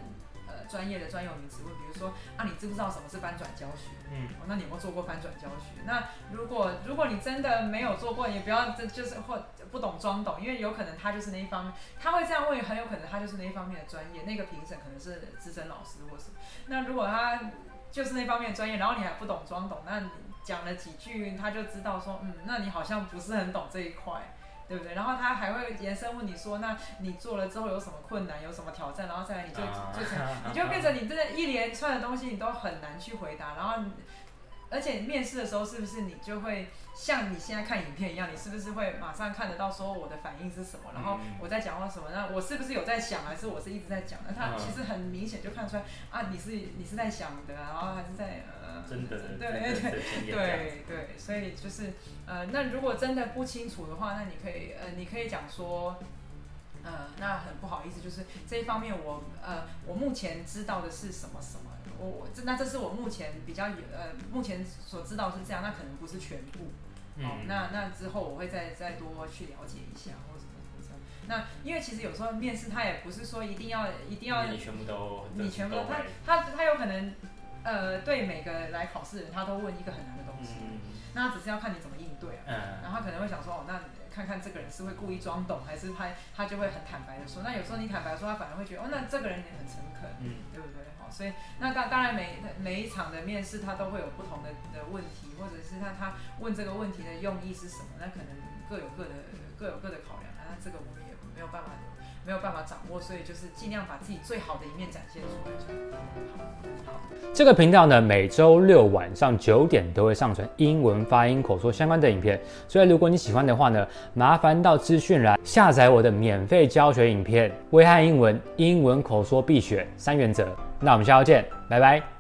呃專業的專有名詞問，比如說啊，你知不知道什麼是翻轉教學？嗯，哦，那你有沒有做過翻轉教學？那如果如果你真的沒有做過，也不要這就是或不懂裝懂，因為有可能他就是那一方面，他會這樣問，很有可能他就是那一方面的專業，那個評審可能是資深老師或是，那如果他就是那方面的專業，然後你還不懂裝懂，那你講了幾句，他就知道說，嗯，那你好像不是很懂這一塊。對不對？然後他還會延伸問你說，那你做了之後有什麼困難，有什麼挑戰？然後再來，你就、oh. 就成， 你就變成你真的一連串的東西，你都很難去回答。然後。而且面試的時候，是不是你就會像你現在看影片一樣？你是不是會馬上看得到說我的反應是什麼？然後我在講話什麼，嗯。那我是不是有在想，還是我是一直在講？那他其實很明顯就看出來啊，啊，你是你是在想的，然後還是在呃……真的，對對對對，對，對，對，對，對，對，所以就是呃，那如果真的不清楚的話，那你可以呃，你可以講說，呃，那很不好意思，就是這一方面我呃，我目前知道的是什麼什麼。我這那這是我目前比較有呃，目前所知道是這樣，那可能不是全部。哦嗯、那那之後我會再再多去了解一下或什麼，那因為其實有時候面試他也不是說一定要一定要你全部都你全部他他他，他有可能呃對每個來考試的人他都問一個很難的東西，嗯、那他只是要看你怎麼應對、啊。嗯，然後他可能會想說哦，那看看這個人是會故意裝懂還是他他就會很坦白的說。那有時候你坦白的說他反而會覺得哦，那這個人也很誠懇，嗯，對不對？所以，那當當然每，每每一場的面試，他都會有不同的的問題，或者是他他問這個問題的用意是什麼，那可能各有各的各有各的考量，那這個我們也沒有辦法，沒有辦法掌握，所以就是盡量把自己最好的一面展現出來就好。好，這個頻道呢，每周六晚上九點都會上傳英文發音口說相關的影片，所以如果你喜歡的話呢，麻煩到資訊欄下載我的免費教學影片《威翰英文英文口說必學三原則》。那我們下週見，拜拜。